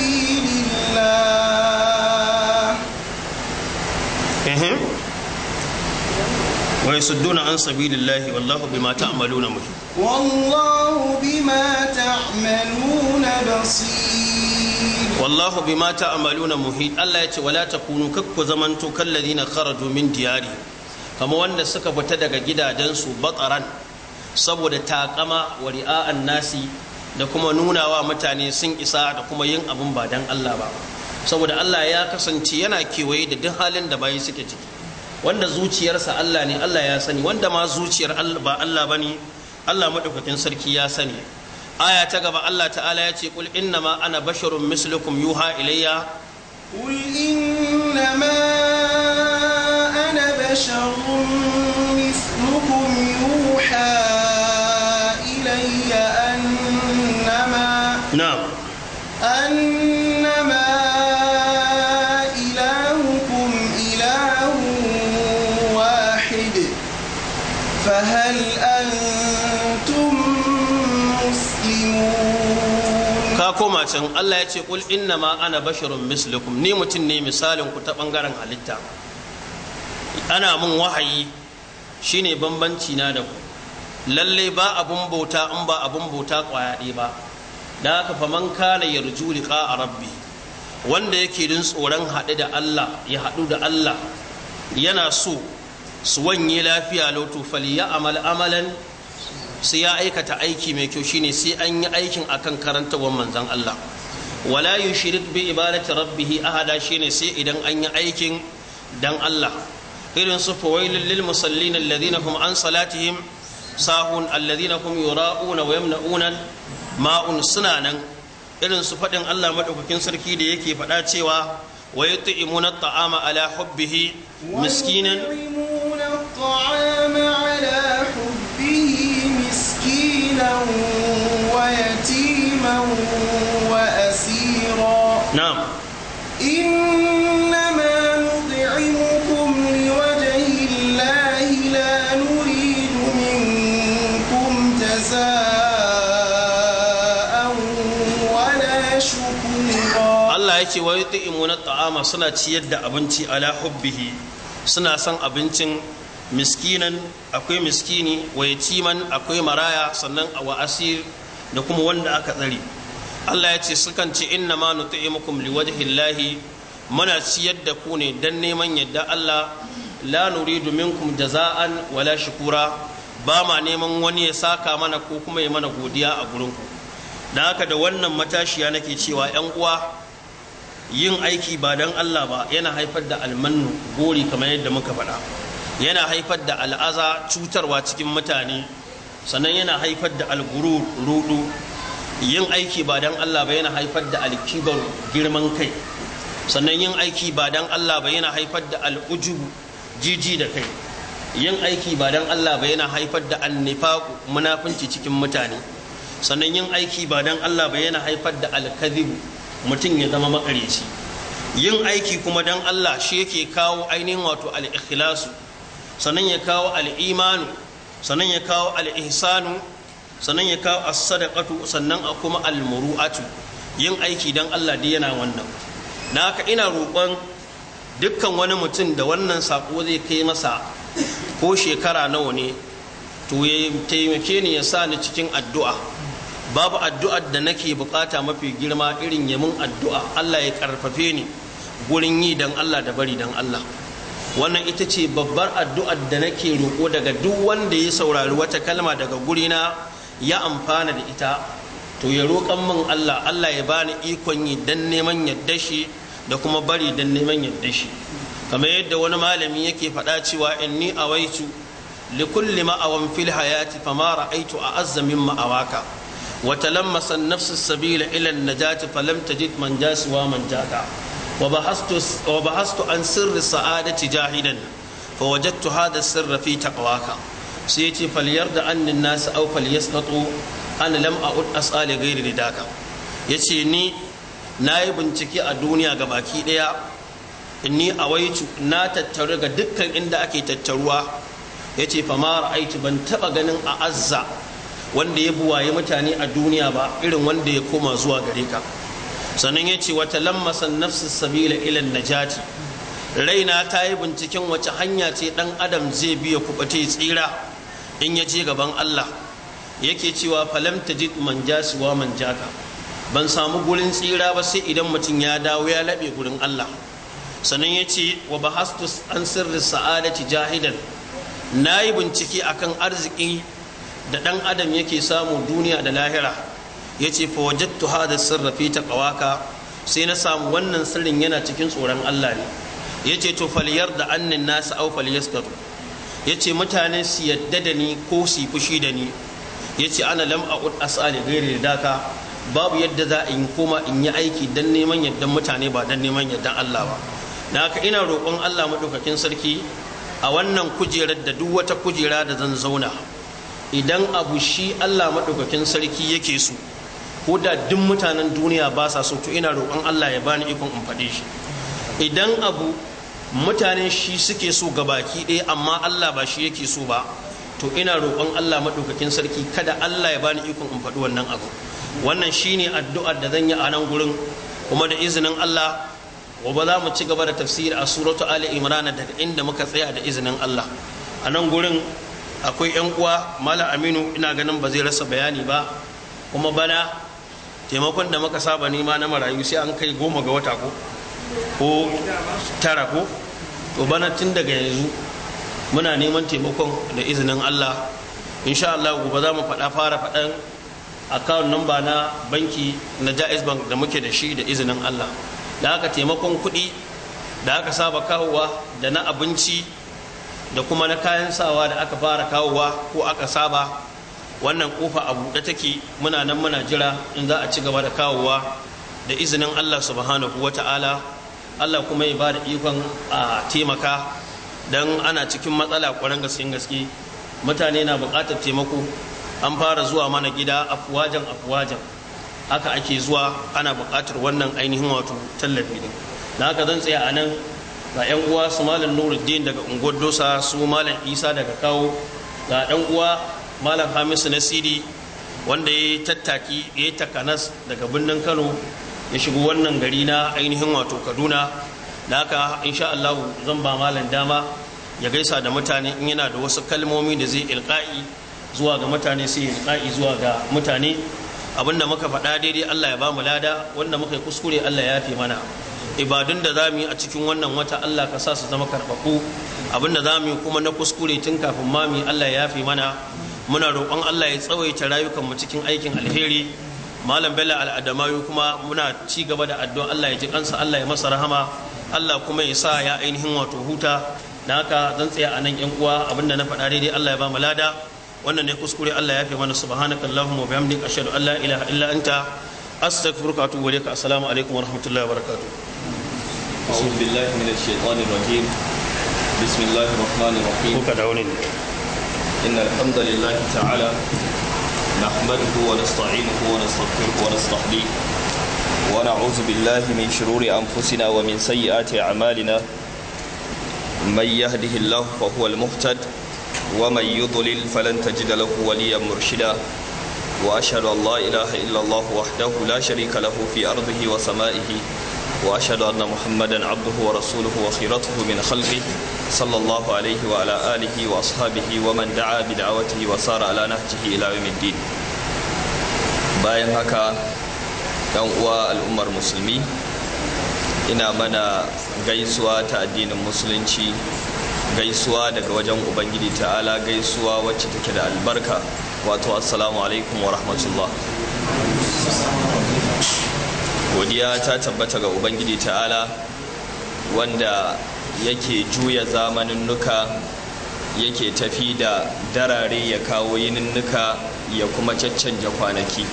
ويصدون عن سبيل الله والله بما تعملون محيط والله بما تعملون بصير والله بما تعملون محيط الله يتي ولا تكونوا كك زمنتو كالذين خرجوا من دياري كما وند سكا فتا daga gidajensu bataran saboda takama wa ri'a'an nasi da kuma nunawa mutane sun isa da kuma yin abun ba dan Allah ba saboda Allah ya kasance yana kewaye da duk halin da bayi suke ciki wanda zuciyarsa Allah ne Allah ya sani wanda ma zuciyar ba Allah ba ne, Allah madaukakin sarki ya sani aya ta gaba Allah ta'ala ya ce kul inna ma ana basharun mislukum yuha ilayya kul inna ma ana basharun mislukum yuha ilayya annama na'am can Allah ya ce kul ma ana basharun mislukum ni mutum ne misalin ku ta bangaren halitta ana mun wahayi shine bambanci na da ku lalle ba abun bauta in ba abun bauta kwaya ba da fa man kana yarju liqa rabbi wanda yake din tsoron haɗe da Allah ya haɗu da Allah yana so su wanye lafiya fali ya amal amalan sai ya aikata aiki mai kyau shine sai an yi aikin akan karantarwar manzon Allah wala yushrik bi ibadati rabbih ahada shine sai idan an yi aikin dan Allah irin su fawailul lil musallin alladhina hum an salatihim sahun alladhina hum yura'una wa yamna'una ma'un suna nan irin su fadin Allah madaukakin sarki da yake faɗa cewa wa yut'imuna at'ama ala hubbihi miskinan ala عبدا ويتيما وأسيرا نعم إنما نطعمكم لوجه الله لا نريد منكم جزاء ولا شكورا الله يتي ويطعمون الطعام صنع يد أبنتي على حبه صنع سن أبنتي miskinan akwai miskini wa yatiman akwai maraya sannan wa asir da kuma wanda aka tsare Allah ya ce sukan ce inna ma nuti'imukum liwajhillahi muna ciyar da ku ne dan neman yadda Allah la nuridu minkum jaza'an wala shukura ba ma neman wani ya saka mana ko kuma ya mana godiya a gurin ku da haka da wannan matashiya nake cewa yan uwa yin aiki ba dan Allah ba yana haifar da almannu gori kamar yadda muka faɗa yana haifar da al'aza cutarwa cikin mutane sannan yana haifar da alguru rudu yin aiki ba don Allah ba yana haifar da alkibar girman kai sannan yin aiki ba don Allah ba yana haifar da al'ujubu jiji da kai yin aiki ba don Allah ba yana haifar da annifaku munafunci cikin mutane sannan yin aiki ba don Allah ba yana haifar da alkazibu mutum ya zama makareci yin aiki kuma don Allah shi yake kawo ainihin wato al'ikhlasu sannan ya kawo al'imanu sannan ya kawo al'ihsanu sannan ya kawo a sannan a kuma almuruatu. yin aiki don Allah da yana wannan na haka ina roƙon dukkan wani mutum da wannan saƙo zai kai masa ko shekara nawa ne to ya taimake ni ya sa ni cikin addu'a babu addu'ar da nake bukata mafi girma irin yamin addu'a Allah ya ƙarfafe ni gurin yi don Allah da bari don Allah wannan ita ce babbar addu'ar da nake roƙo daga duk wanda ya saurari wata kalma daga gurina ya amfana da ita to ya roƙan min Allah Allah ya bani ikon yi dan neman yadda shi da kuma bari dan neman yadda shi kamar yadda wani malami yake faɗa cewa inni a waitu likulli ma'awan fil hayati aitu ra'aitu a'azza mimma wata wa talammasa an sabila ila an-najati falam tajid man jasiwa man jata wa bahastu an sirri sa'adati jahidan fa wajadtu hada sirra ta taqwaka sai yace falyar da annin nas aw falyasnatu an lam a'ud as'ali ghairi ridaka yace ni nayi bincike a duniya ga baki daya inni awaitu na tattaru ga dukkan inda ake tattaruwa yace fa ma ra'aitu ban taɓa ganin a azza wanda ya buwaye mutane a duniya ba irin wanda ya koma zuwa gare ka sannan ya ce wata lammasan nafsin sabila ilan najati raina ta yi binciken wace hanya ce dan adam zai biya kubace tsira in ya je gaban Allah yake cewa falam tajid man jasiwa man jaka ban samu gurin tsira ba sai idan mutum ya dawo ya laɓe gurin Allah sannan ya ce wa bahastu an sirri sa'adati jahidan na yi bincike akan arziki da ɗan adam yake samu duniya da lahira yace fa wajadtu hada sirra ta kawaka, sai na samu wannan sirrin yana cikin tsoron Allah ne yace to falyarda annin au aw ya yace mutane su yadda da ni ko su fushi da ni yace ana lam aqud as'ali da daka babu yadda za in koma in yi aiki don neman yadda mutane ba don neman yardan Allah ba na haka ina roƙon Allah maɗaukakin sarki a wannan kujerar da duk wata kujera da zan zauna idan abu shi Allah maɗaukakin sarki yake so ko da duk mutanen duniya ba sa so to ina roƙon Allah ya bani ikon in faɗe shi idan abu mutane shi suke so ga baki ɗaya amma Allah ba shi yake so ba to ina roƙon Allah maɗaukakin sarki kada Allah ya bani ikon in faɗi wannan abu wannan shine addu'ar da zan yi a nan gurin kuma da izinin Allah gobe za mu ci gaba da tafsiri a suratu ali imran daga inda muka tsaya da izinin Allah a nan gurin akwai yan uwa mala aminu ina ganin ba zai rasa bayani ba kuma bana taimakon da muka saba nima na marayu sai an kai goma ga wata ko ko tara ko to bana tun daga yanzu muna neman taimakon da izinin Allah insha Allah gobe za mu faɗa fara faɗan account number na banki na Jaiz Bank da muke da shi da izinin Allah da haka taimakon kuɗi da haka saba kawowa da na abinci da kuma na kayan sawa da aka fara kawowa ko aka saba wannan kofa a buɗe take muna nan muna jira in za a ci gaba da kawowa da izinin Allah subhanahu wata'ala Allah kuma ya bada ikon a taimaka don ana cikin matsala ƙwarar gaske gaske mutane na buƙatar taimako an fara zuwa mana gida afuwajen afuwajen haka ake zuwa ana buƙatar wannan ainihin wato tallafi din na haka zan tsaya a nan ga 'yan uwa su malam nuruddin daga unguwar dosa su malam isa daga kawo ga 'yan uwa malam hamisu na siri wanda ya tattaki ya yi takanas daga birnin kano ya shigo wannan gari na ainihin wato kaduna da haka insha Allah zan ba malam dama ya gaisa da mutane in yana da wasu kalmomi da zai ilka'i zuwa ga mutane sai ilka'i zuwa ga mutane abinda muka faɗa daidai allah ya ba mu lada wanda muka yi kuskure allah ya fi mana ibadun da za mu yi a cikin wannan wata Allah ka sa su zama karɓaɓɓu abinda za mu yi kuma na kuskure tun kafin mami Allah ya fi mana muna roƙon Allah ya tsawaita rayukanmu cikin aikin alheri malam bello al'adamayu kuma muna ci gaba da addu'a Allah ya ji kansa Allah ya masa rahama Allah kuma ya sa ya ainihin wato huta na haka zan tsaya a nan yan uwa abinda na faɗa daidai Allah ya ba mu lada wannan ne kuskure Allah ya fi mana subhanaka allahumma wa bihamdika ashhadu an la ilaha illa anta astaghfiruka wa atubu ilayka assalamu alaikum wa rahmatullahi wa barakatuh أعوذ بالله من الشيطان الرجيم بسم الله الرحمن الرحيم إن الحمد لله تعالى نحمده ونستعينه ونستغفره ونستهديه ونعوذ بالله من شرور أنفسنا ومن سيئات أعمالنا من يهده الله فهو المهتد ومن يضلل فلن تجد له وليا مرشدا وأشهد أن لا إله إلا الله وحده لا شريك له في أرضه وسمائه wa ashadu anna muhammadan abduhu wa rasuluhu wa khiratuhu min khalfi sallallahu alaihi wa ala alihi wa ashabihi wa man da'a bi da'awatihi wa sara ala nahjihi ila yawmi bayan haka dan uwa al'ummar ummar ina mana gaisuwa ta addinin musulunci gaisuwa daga wajen ubangiji ta'ala gaisuwa wacce take da albarka wato assalamu wa rahmatullah godiya ta tabbata ga ubangiji ta'ala wanda yake juya zamanin nuka yake tafi da darare ya kawo nuka ya kuma caccanja kwanaki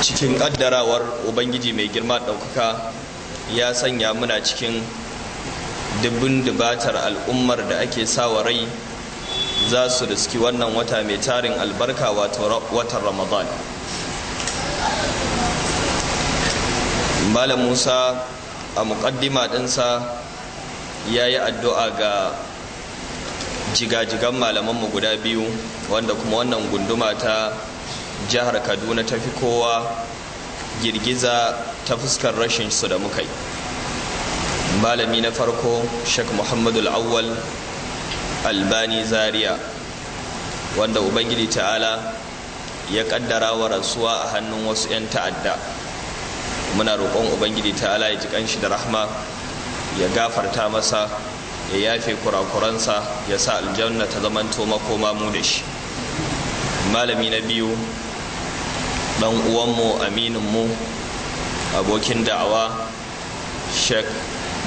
cikin ƙaddarawar ubangiji mai girma ɗaukaka ya sanya muna cikin dubin dubatar al'ummar da ake sawa rai za su riski wannan wata mai tarin albarka watan ramadan malam musa a muƙaddima ɗinsa ya yi addu'a ga jigajigan malamanmu guda biyu wanda kuma wannan gunduma ta jihar kaduna ta fi kowa girgiza ta fuskar rashin su da muka yi malami na farko sheikh muhammadu al'awwal albani zaria wanda ubangiji ta'ala ya kaddara wa rasuwa a hannun wasu 'yan ta'adda muna roƙon ubangiji ta ala ya ji kanshi da rahma ya gafarta masa ya yafe kurakuransa ya sa aljanna ta zamanto makoma mu da shi malami na biyu dan uwanmu mu abokin da'awa sheikh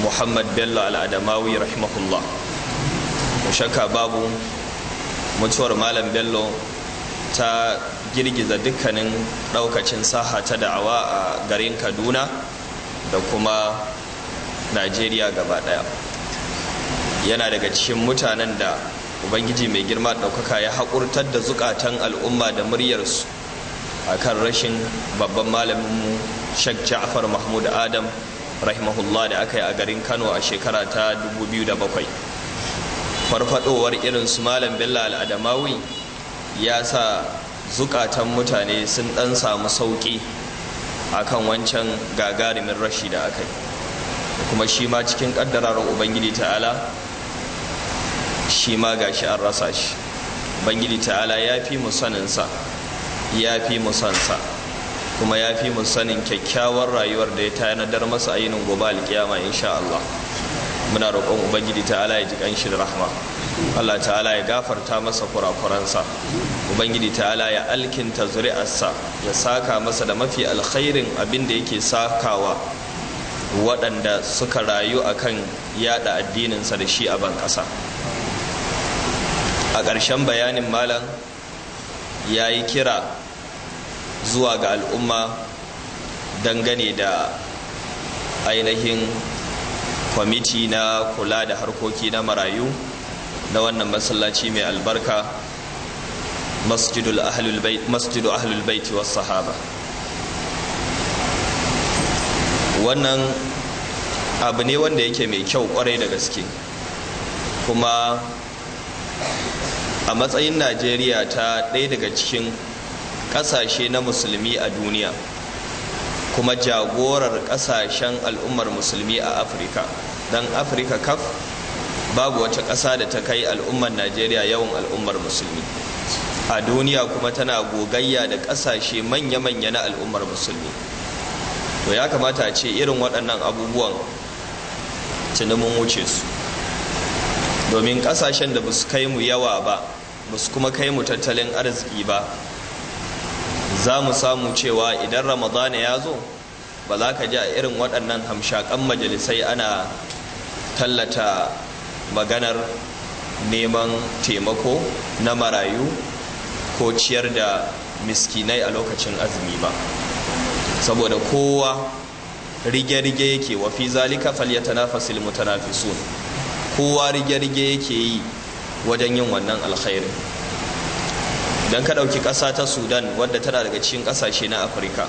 muhammad bello al'adamawi rahimahullah shakka babu mutuwar malam bello ta girgiza dukkanin daukacin saha ta da'awa a garin kaduna da kuma nigeria gaba daya yana daga cikin mutanen da ubangiji mai girma daukaka ya haƙurtar da zukatan al'umma da muryarsu a kan rashin babban malaminmu shek ja'far mahmud adam rahimahullah da aka yi a garin kano a shekara ta 2007 farfadowar irin su malam bello al'adamawi ya sa zukatan mutane sun ɗan samu sauƙi a kan wancan gagarumin rashi da aka yi kuma shi ma cikin kaddarar ubangiji ta'ala shi ma ga an rasa shi ubangiji ta'ala ya fi mu saninsa ya fi mu sansa kuma ya fi mu sanin kyakkyawar rayuwar da ya tanadar masa ainihin gobe alkiyama insha Allah muna roƙon ubangiji ta'ala ya ji ƙanshi da rahma Allah ta'ala ya gafarta masa kurakuransa ubangiji ta'ala ya alkinta zuri'arsa ya saka masa da mafi alkhairin abin da yake sakawa waɗanda suka rayu akan yada addininsa da shi a ban ƙasa a ƙarshen bayanin malam ya yi kira zuwa ga al'umma dangane da ainihin kwamiti na kula da harkoki na marayu na wannan masallaci mai albarka masjidu ahlul baiti was sahaba wannan abu ne wanda yake mai kyau kwarai da gaske kuma a matsayin najeriya ta ɗaya daga cikin ƙasashe na musulmi a duniya kuma jagorar ƙasashen al'ummar musulmi a afirka don afirka kaf babu wata ƙasa da ta kai al'ummar najeriya yawan al'ummar musulmi a duniya kuma tana gogayya da ƙasashe manya-manya na al'ummar musulmi to ya kamata a ce irin waɗannan abubuwan tuni wuce su domin ƙasashen da ba su kai mu yawa ba ba su kuma kai mu tattalin arziki ba za mu samu cewa idan ramadana ya zo ba za ka ji a irin waɗannan hamshakan majalisai ana tallata maganar neman taimako na marayu ko ciyar da miskinai a lokacin azumi ba saboda kowa rige-rige yake wa fi zalika fasil mutanafisun kowa rige-rige yake yi wajen yin wannan alkhairin don ka ɗauki ƙasa ta sudan wadda tana daga cikin ƙasashe na afirka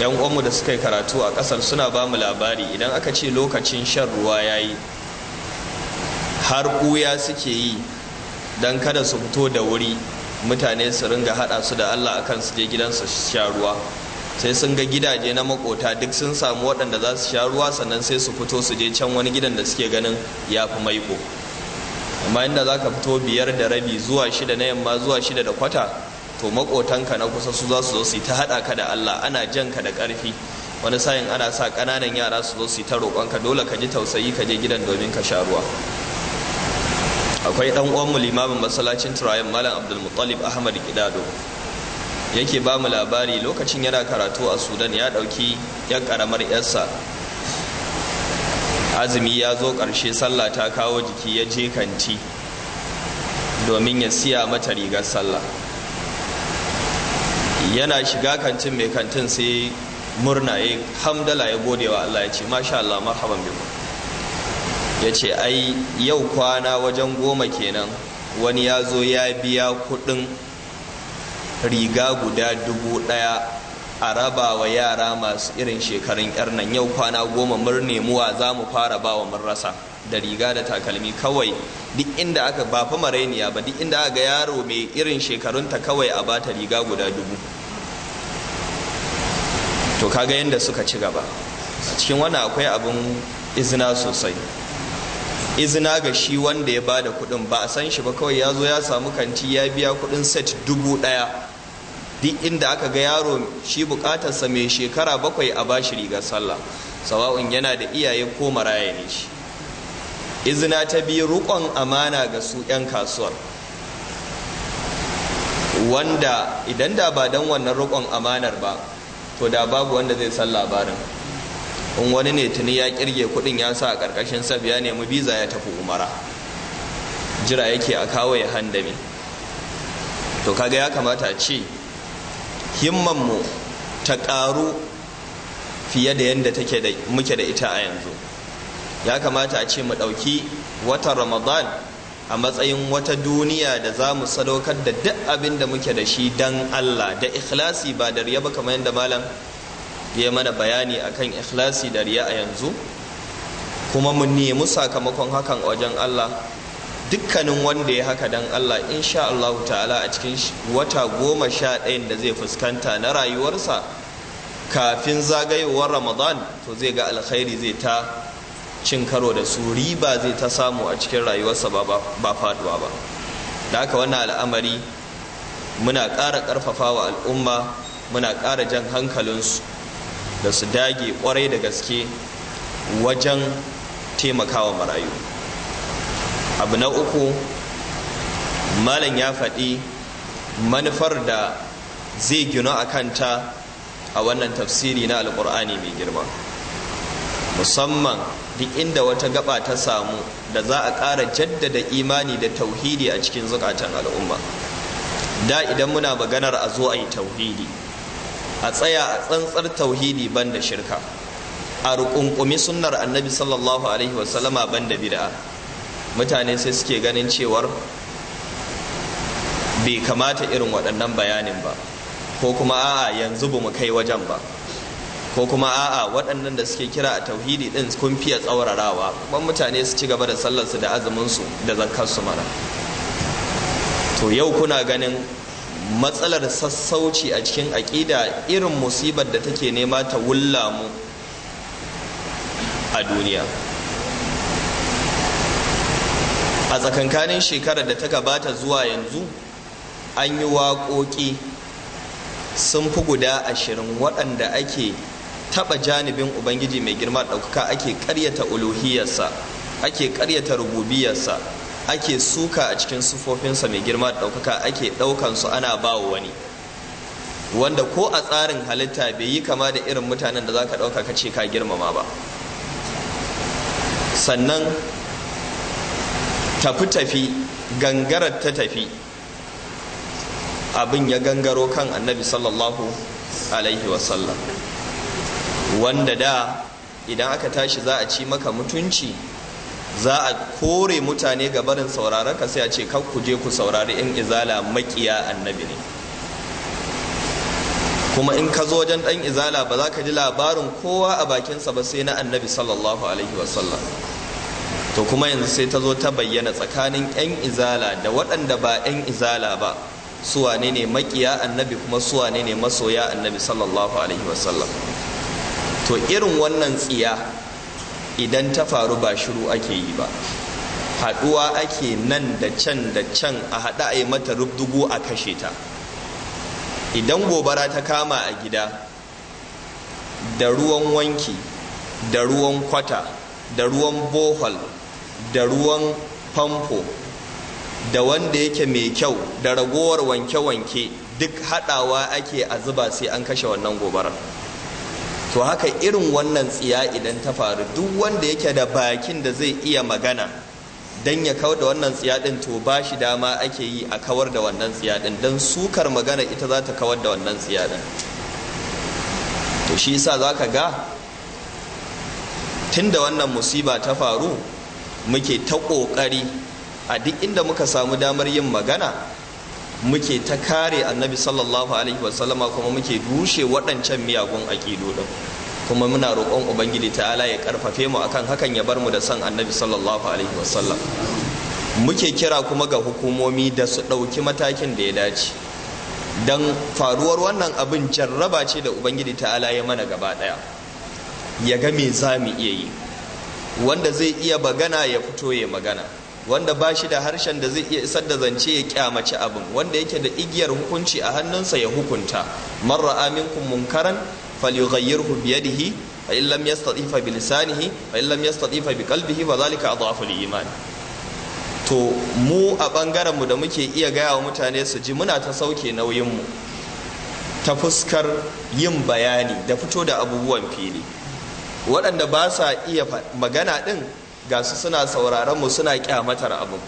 yan uwanmu da suka yi karatu a ƙasar suna ba mu labari idan aka ce lokacin shan ruwa ya yi har ɓuya suke yi don kada su fito da wuri mutane su ringa haɗa su da allah akan su je gidansu sha ruwa sai sun ga gidaje na makota duk sun samu waɗanda za su sha ruwa sannan sai su fito su je can wani gidan da suke ganin ya fi maiko amma inda za ka fito biyar da rabi zuwa shida na yamma zuwa shida da kwata to makotanka na kusa su za su zo su yi ta haɗa ka da allah ana jan ka da ƙarfi wani sayin ana sa ƙananan yara su zo su yi ta roƙonka dole ka ji tausayi ka je gidan domin ka sha ruwa akwai dan uwan mu limamin masallacin turayen malam Abdul abdulmuttalib ahmad kidado yake ba mu labari lokacin yana karatu a sudan ya dauki yan karamar yarsa azumi ya zo karshe sallah ta kawo jiki ya je kanti domin ya siya mata rigar sallah yana shiga kantin mai kantin sai murna ya hamdala ya gode wa allah ya ce masha allah marhaban bimu ya ce ai yau kwana wajen goma kenan wani ya zo ya biya kudin riga guda dubu daya a raba wa yara masu irin shekarun nan yau kwana goma nemi wa, za mu fara bawa mun rasa da riga da takalmi kawai duk inda aka ba fama marainiya ba duk inda aka yaro mai irin shekarunta kawai a bata riga guda dubu to kaga yadda suka ci gaba a cikin wani akwai abin izina sosai izina ga shi wanda ya bada kudin ba a san shi ba kawai ya zo ya samu kanti ya biya kudin set dubu daya duk inda aka ga yaro shi bukatarsa mai shekara bakwai a bashi rigar sallah sawa'un yana da iyaye ko maraya ne shi izina ta biyu rukon amana ga su 'yan kasuwar wanda idan da ba don wannan rukon amanar ba to da babu wanda zai san labarin in wani ne tuni ya kirge kudin ya sa a karkashin sabi ya nemi biza ya tafi umara jira yake a kawo ya to kaga ya kamata ce himmanmu ta karu fiye da yadda take da muke da ita a yanzu ya kamata a ce mu ɗauki wata ramadan a matsayin wata duniya da za mu sadaukar da duk abin da muke da shi don allah da ikhlasi ba da riya ba kamar yadda malam ya mana bayani akan ikhlasi da riya a yanzu kuma mun nemi sakamakon hakan wajen Allah dukkanin wanda ya haka dan Allah insha Allah ta'ala a cikin wata goma sha ɗayan da zai fuskanta na rayuwarsa kafin zagayowar ramadan to zai ga alkhairi zai ta cin karo da su riba zai ta samu a cikin rayuwarsa ba faduwa ba da haka wannan al'amari muna ƙara ƙarfafa wa al'umma muna ƙara jan hankalinsu da su dage kwarai da gaske wajen taimakawa marayu abu na uku malam ya faɗi manufar da zai gino a kanta a wannan tafsiri na alkur'ani mai girma musamman duk inda wata gaba ta samu da za a ƙara jaddada imani da tauhidi a cikin zukatan al'umma da idan muna maganar a zo a yi tauhidi a tsaya a tsantsar tauhidi ban da shirka a rukunkumi sunnar annabi sallallahu alaihi wasallama da bid'a mutane sai suke ganin cewar bai kamata irin waɗannan bayanin ba ko kuma a'a yanzu ba kai wajen ba ko kuma a'a waɗannan da suke kira a tauhidi ɗin kun fiye tsaurarawa ban mutane su ci gaba da sallarsu da azuminsu da su mana to yau kuna ganin matsalar sassauci a cikin aƙida irin musibar da take nema ta wulla mu a duniya a tsakankanin shekarar da ta gabata zuwa yanzu an yi waƙoƙi sun fi guda ashirin waɗanda ake taɓa janibin ubangiji mai girma ɗaukaka ake ƙaryata uluhiyarsa ake ƙaryata rububiyarsa ake suka a cikin sufofinsa mai girma da ɗaukaka ake su ana bawa wani wanda ko a tsarin halitta bai yi kama da irin mutanen da za ka ɗauka ka ce ka girmama ba sannan tafi-tafi gangarar ta tafi abin ya gangaro kan annabi sallallahu alaihi wasallam wanda da idan aka tashi za a ci maka mutunci za a kore mutane ga barin sauraron ka sai a ce ku je ku saurari in izala makiya annabi ne kuma in ka zo wajen dan izala ba za ka ji labarin kowa a bakinsa ba sai na annabi sallallahu alaihi wasallam to kuma yanzu sai ta zo ta bayyana tsakanin yan izala da waɗanda ba yan izala ba suwane ne makiya annabi kuma su ne masoya annabi sallallahu alaihi wasallam to irin wannan tsiya idan ta faru ba shiru ake yi ba haɗuwa ake nan da can da can a haɗa a yi mata rubdugu a kashe ta idan gobara ta kama a gida da ruwan wanki da ruwan kwata da ruwan bohol da ruwan famfo da wanda yake mai kyau da ragowar wanke-wanke duk haɗawa ake a zuba sai an kashe wannan gobarar to haka irin wannan tsiya idan ta faru duk wanda yake da bakin da zai iya magana don ya kawar da wannan tsiya din to ba shi dama ake yi a kawar da wannan tsiya din don sukar magana ita za ta kawar da wannan tsiya din to shi sa za ka ga tun da wannan musiba ta faru muke ta ƙoƙari a duk inda muka samu damar yin magana muke ta kare annabi sallallahu alaihi wasallama kuma muke rushe waɗancan miyagun aƙidodin, din kuma muna roƙon ubangiji ta'ala ya karfafe mu akan hakan ya bar mu da san annabi sallallahu alaihi wasallam muke kira kuma ga hukumomi da su ɗauki matakin da ya dace don faruwar wannan abin jarraba ce da ubangiji ta'ala ya mana gaba ɗaya ya ga me za mu iya yi wanda zai iya bagana ya fito ya magana wanda ba shi da harshen da zai iya isar da zance ya kyamaci abin wanda yake da igiyar hukunci a hannunsa ya hukunta man ra'a minkum munkaran falyughayyirhu bi fa in lam bi lisanihi fa in lam bi qalbihi wa zalika adhafu iman to mu a bangaren mu da muke iya gaya wa mutane su ji muna ta sauke nauyin mu ta fuskar yin bayani da fito da abubuwan fili waɗanda ba sa iya magana ɗin ga su suna sauraron mu suna kyamatar abu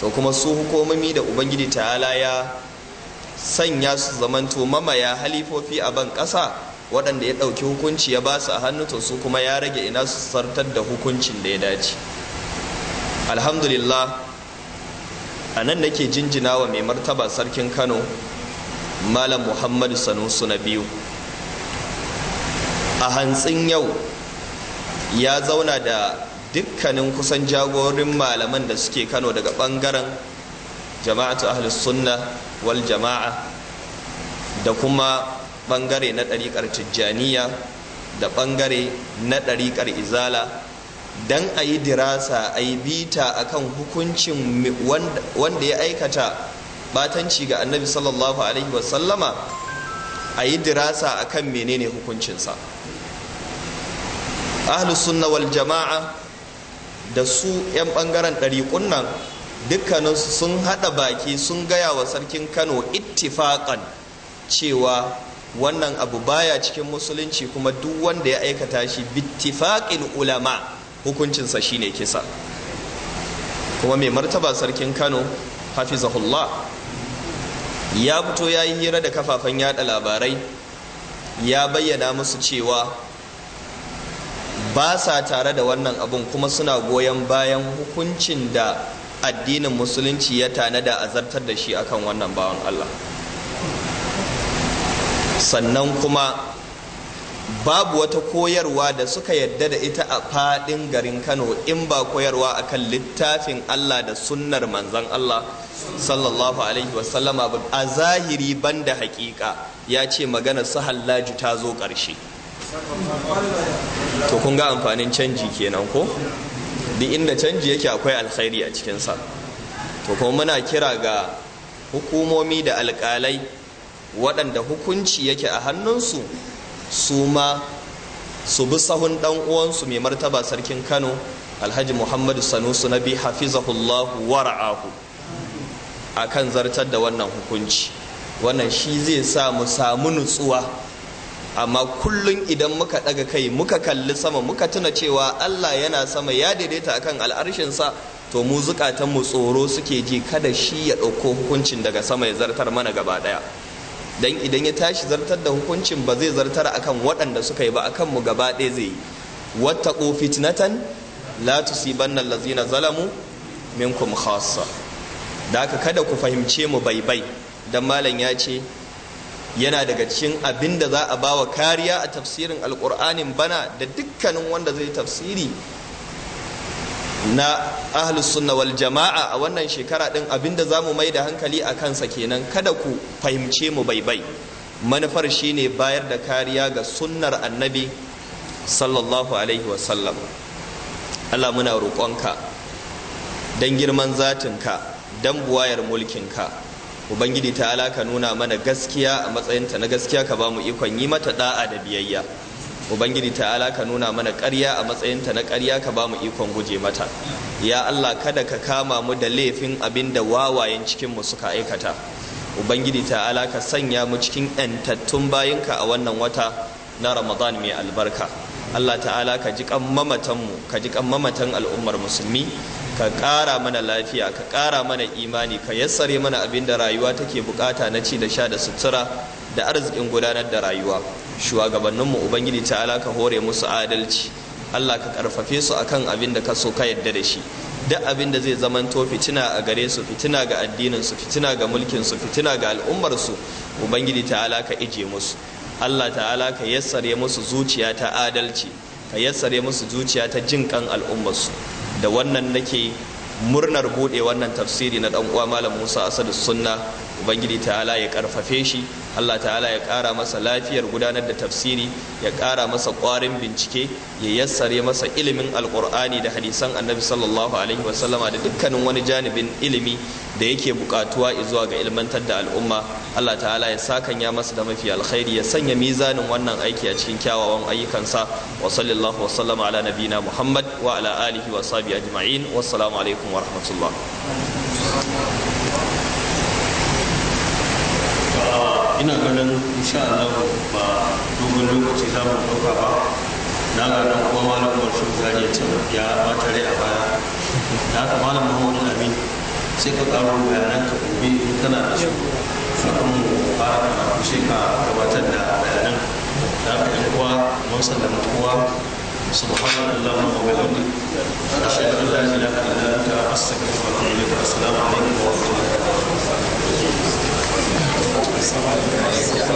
to kuma su hukumomi da ubangiji ta'ala ya sanya su zamanto mamaya halifofi a ban ƙasa waɗanda ya ɗauki hukunci ya ba su a hannu to su kuma ya rage ina su sartar da hukuncin da ya dace alhamdulillah a nan nake jinjina wa mai martaba sarkin kano malam muhammadu sanusu na biyu a hantsin yau ya zauna da dukkanin kusan jagorin malaman da suke kano daga bangaren jama'atu ahlus sunna wal jama'a da kuma bangare na ɗariƙar tijjaniya da bangare na ɗariƙar izala don a yi dirasa a yi bita a kan hukuncin wanda ya aikata batanci ga annabi sallallahu alaihi wasallama a yi dirasa a kan menene hukuncinsa ahlus sunna wal jama'a da su 'yan bangaren ɗariƙun nan dukkaninsu sun haɗa baki sun gaya wa sarkin kano ittifaƙan cewa wannan abu baya cikin musulunci kuma duk wanda ya aikata shi bittifaƙin ulama hukuncinsa shine kisa kuma mai martaba sarkin kano hafizahullah ya fito ya yi hira da kafafen yada labarai ya bayyana musu cewa ba sa tare da wannan abun kuma suna goyon bayan hukuncin da addinin musulunci ya tanada a zartar da shi akan wannan bawan Allah sannan kuma babu wata koyarwa da suka yadda da ita a fadin garin kano in ba koyarwa akan littafin allah da sunnar manzan allah sallallahu alaihi wasallama a zahiri banda hakika ya ce magana su hallaju ta zo ƙarshe to kun ga amfanin canji kenan ko duk inda canji yake akwai alkhairi a cikinsa to kuma muna kira ga hukumomi da alkalai waɗanda hukunci yake a hannunsu su ma su bi sahun ɗan uwansu mai martaba sarkin kano alhaji muhammadu sanusu na bi hafizahullahu wara'ahu a kan zartar da wannan hukunci wannan shi zai sa mu samu nutsuwa amma kullum idan muka daga kai muka kalli sama muka tuna cewa Allah yana sama ya daidaita akan al'arshinsa to mu zukatan mu tsoro suke ji kada shi ya ɗauko hukuncin daga sama ya zartar mana gaba daya dan idan ya tashi zartar da hukuncin ba zai zartar akan waɗanda suka yi ba akan mu gaba ɗaya zai yi wattaqu fitnatan la tusibanna allazina zalamu minkum khassa da kada ku fahimce mu bai bai dan malam ya ce yana daga cikin abin da za a bawa kariya a tafsirin alkur'anin bana da dukkanin wanda zai tafsiri na ahlus sunna wal jama'a a wannan shekara din abinda zamu mai da hankali a kansa kenan kada ku fahimce mu bai-bai. manufar shine bayar da kariya ga sunnar annabi sallallahu alaihi wasallam Allah muna roƙonka dan girman zatinka dan buwayar mulkinka ubangiji ta alaka nuna mana gaskiya a matsayinta na gaskiya ka ba mu ikon yi mata da'a da biyayya ubangiji ta alaka nuna mana ƙarya a matsayinta na ƙarya ka ba mu ikon guje mata ya allah kada ka kama mu da laifin abin da wawayen cikinmu suka aikata ubangiji ta alaka sanya mu cikin 'yantattun bayinka a wannan wata na ramadan mai albarka allah ta'ala ka ji kan mu ka ji kan mamatan al'ummar musulmi ka ƙara mana lafiya ka ƙara mana imani ka yassare mana abin da rayuwa take bukata na ci da sha da sutura da arzikin gudanar da rayuwa shugabanninmu ubangiji ta ka hore musu adalci Allah ka karfafe su akan abin da ka so ka yadda da shi duk abin da zai zamanto fitina a gare su fitina ga addinin su fitina ga mulkin su fitina ga al'ummar su ubangiji ta'ala ka ije musu Allah ta'ala ka yassare musu zuciya ta adalci ka yassare musu zuciya ta jin kan al'ummar su da wannan nake murnar bude wannan tafsiri na dan uwa malam Musa Asadu Sunna ubangiji ta'ala ya karfafe shi Allah ta'ala ya kara masa lafiyar gudanar da tafsiri ya kara masa kwarin bincike ya yassare masa ilimin alkur'ani da hadisan annabi sallallahu alaihi wasallama da dukkanin wani janibin ilimi da yake bukatuwa zuwa ga ilmantar da al'umma Allah ta'ala ya sakan ya masa da mafi alkhairi ya sanya mizanin wannan aiki a cikin kyawawan ayyukansa wa sallallahu wa sallama ala nabina muhammad wa ala alihi wa sahbihi ajma'in wassalamu alaikum wa rahmatullah ina ganin insha Allah ba dogon lokaci za mu ɗauka ba na ganin kuma malam Bashir Zari ya ce ya bata rai a baya da haka malam Muhammadu Amin sai ka ƙaro bayanan ka gobe in kana da su kafin mu fara karatu sai ka gabatar da bayanan da haka ɗan uwa mun sallama kowa سبحان الله وبحمده أشهد أن لا إله إلا أنت أستغفرك وأتوب إليك السلام عليكم ورحمة الله وبركاته вставали.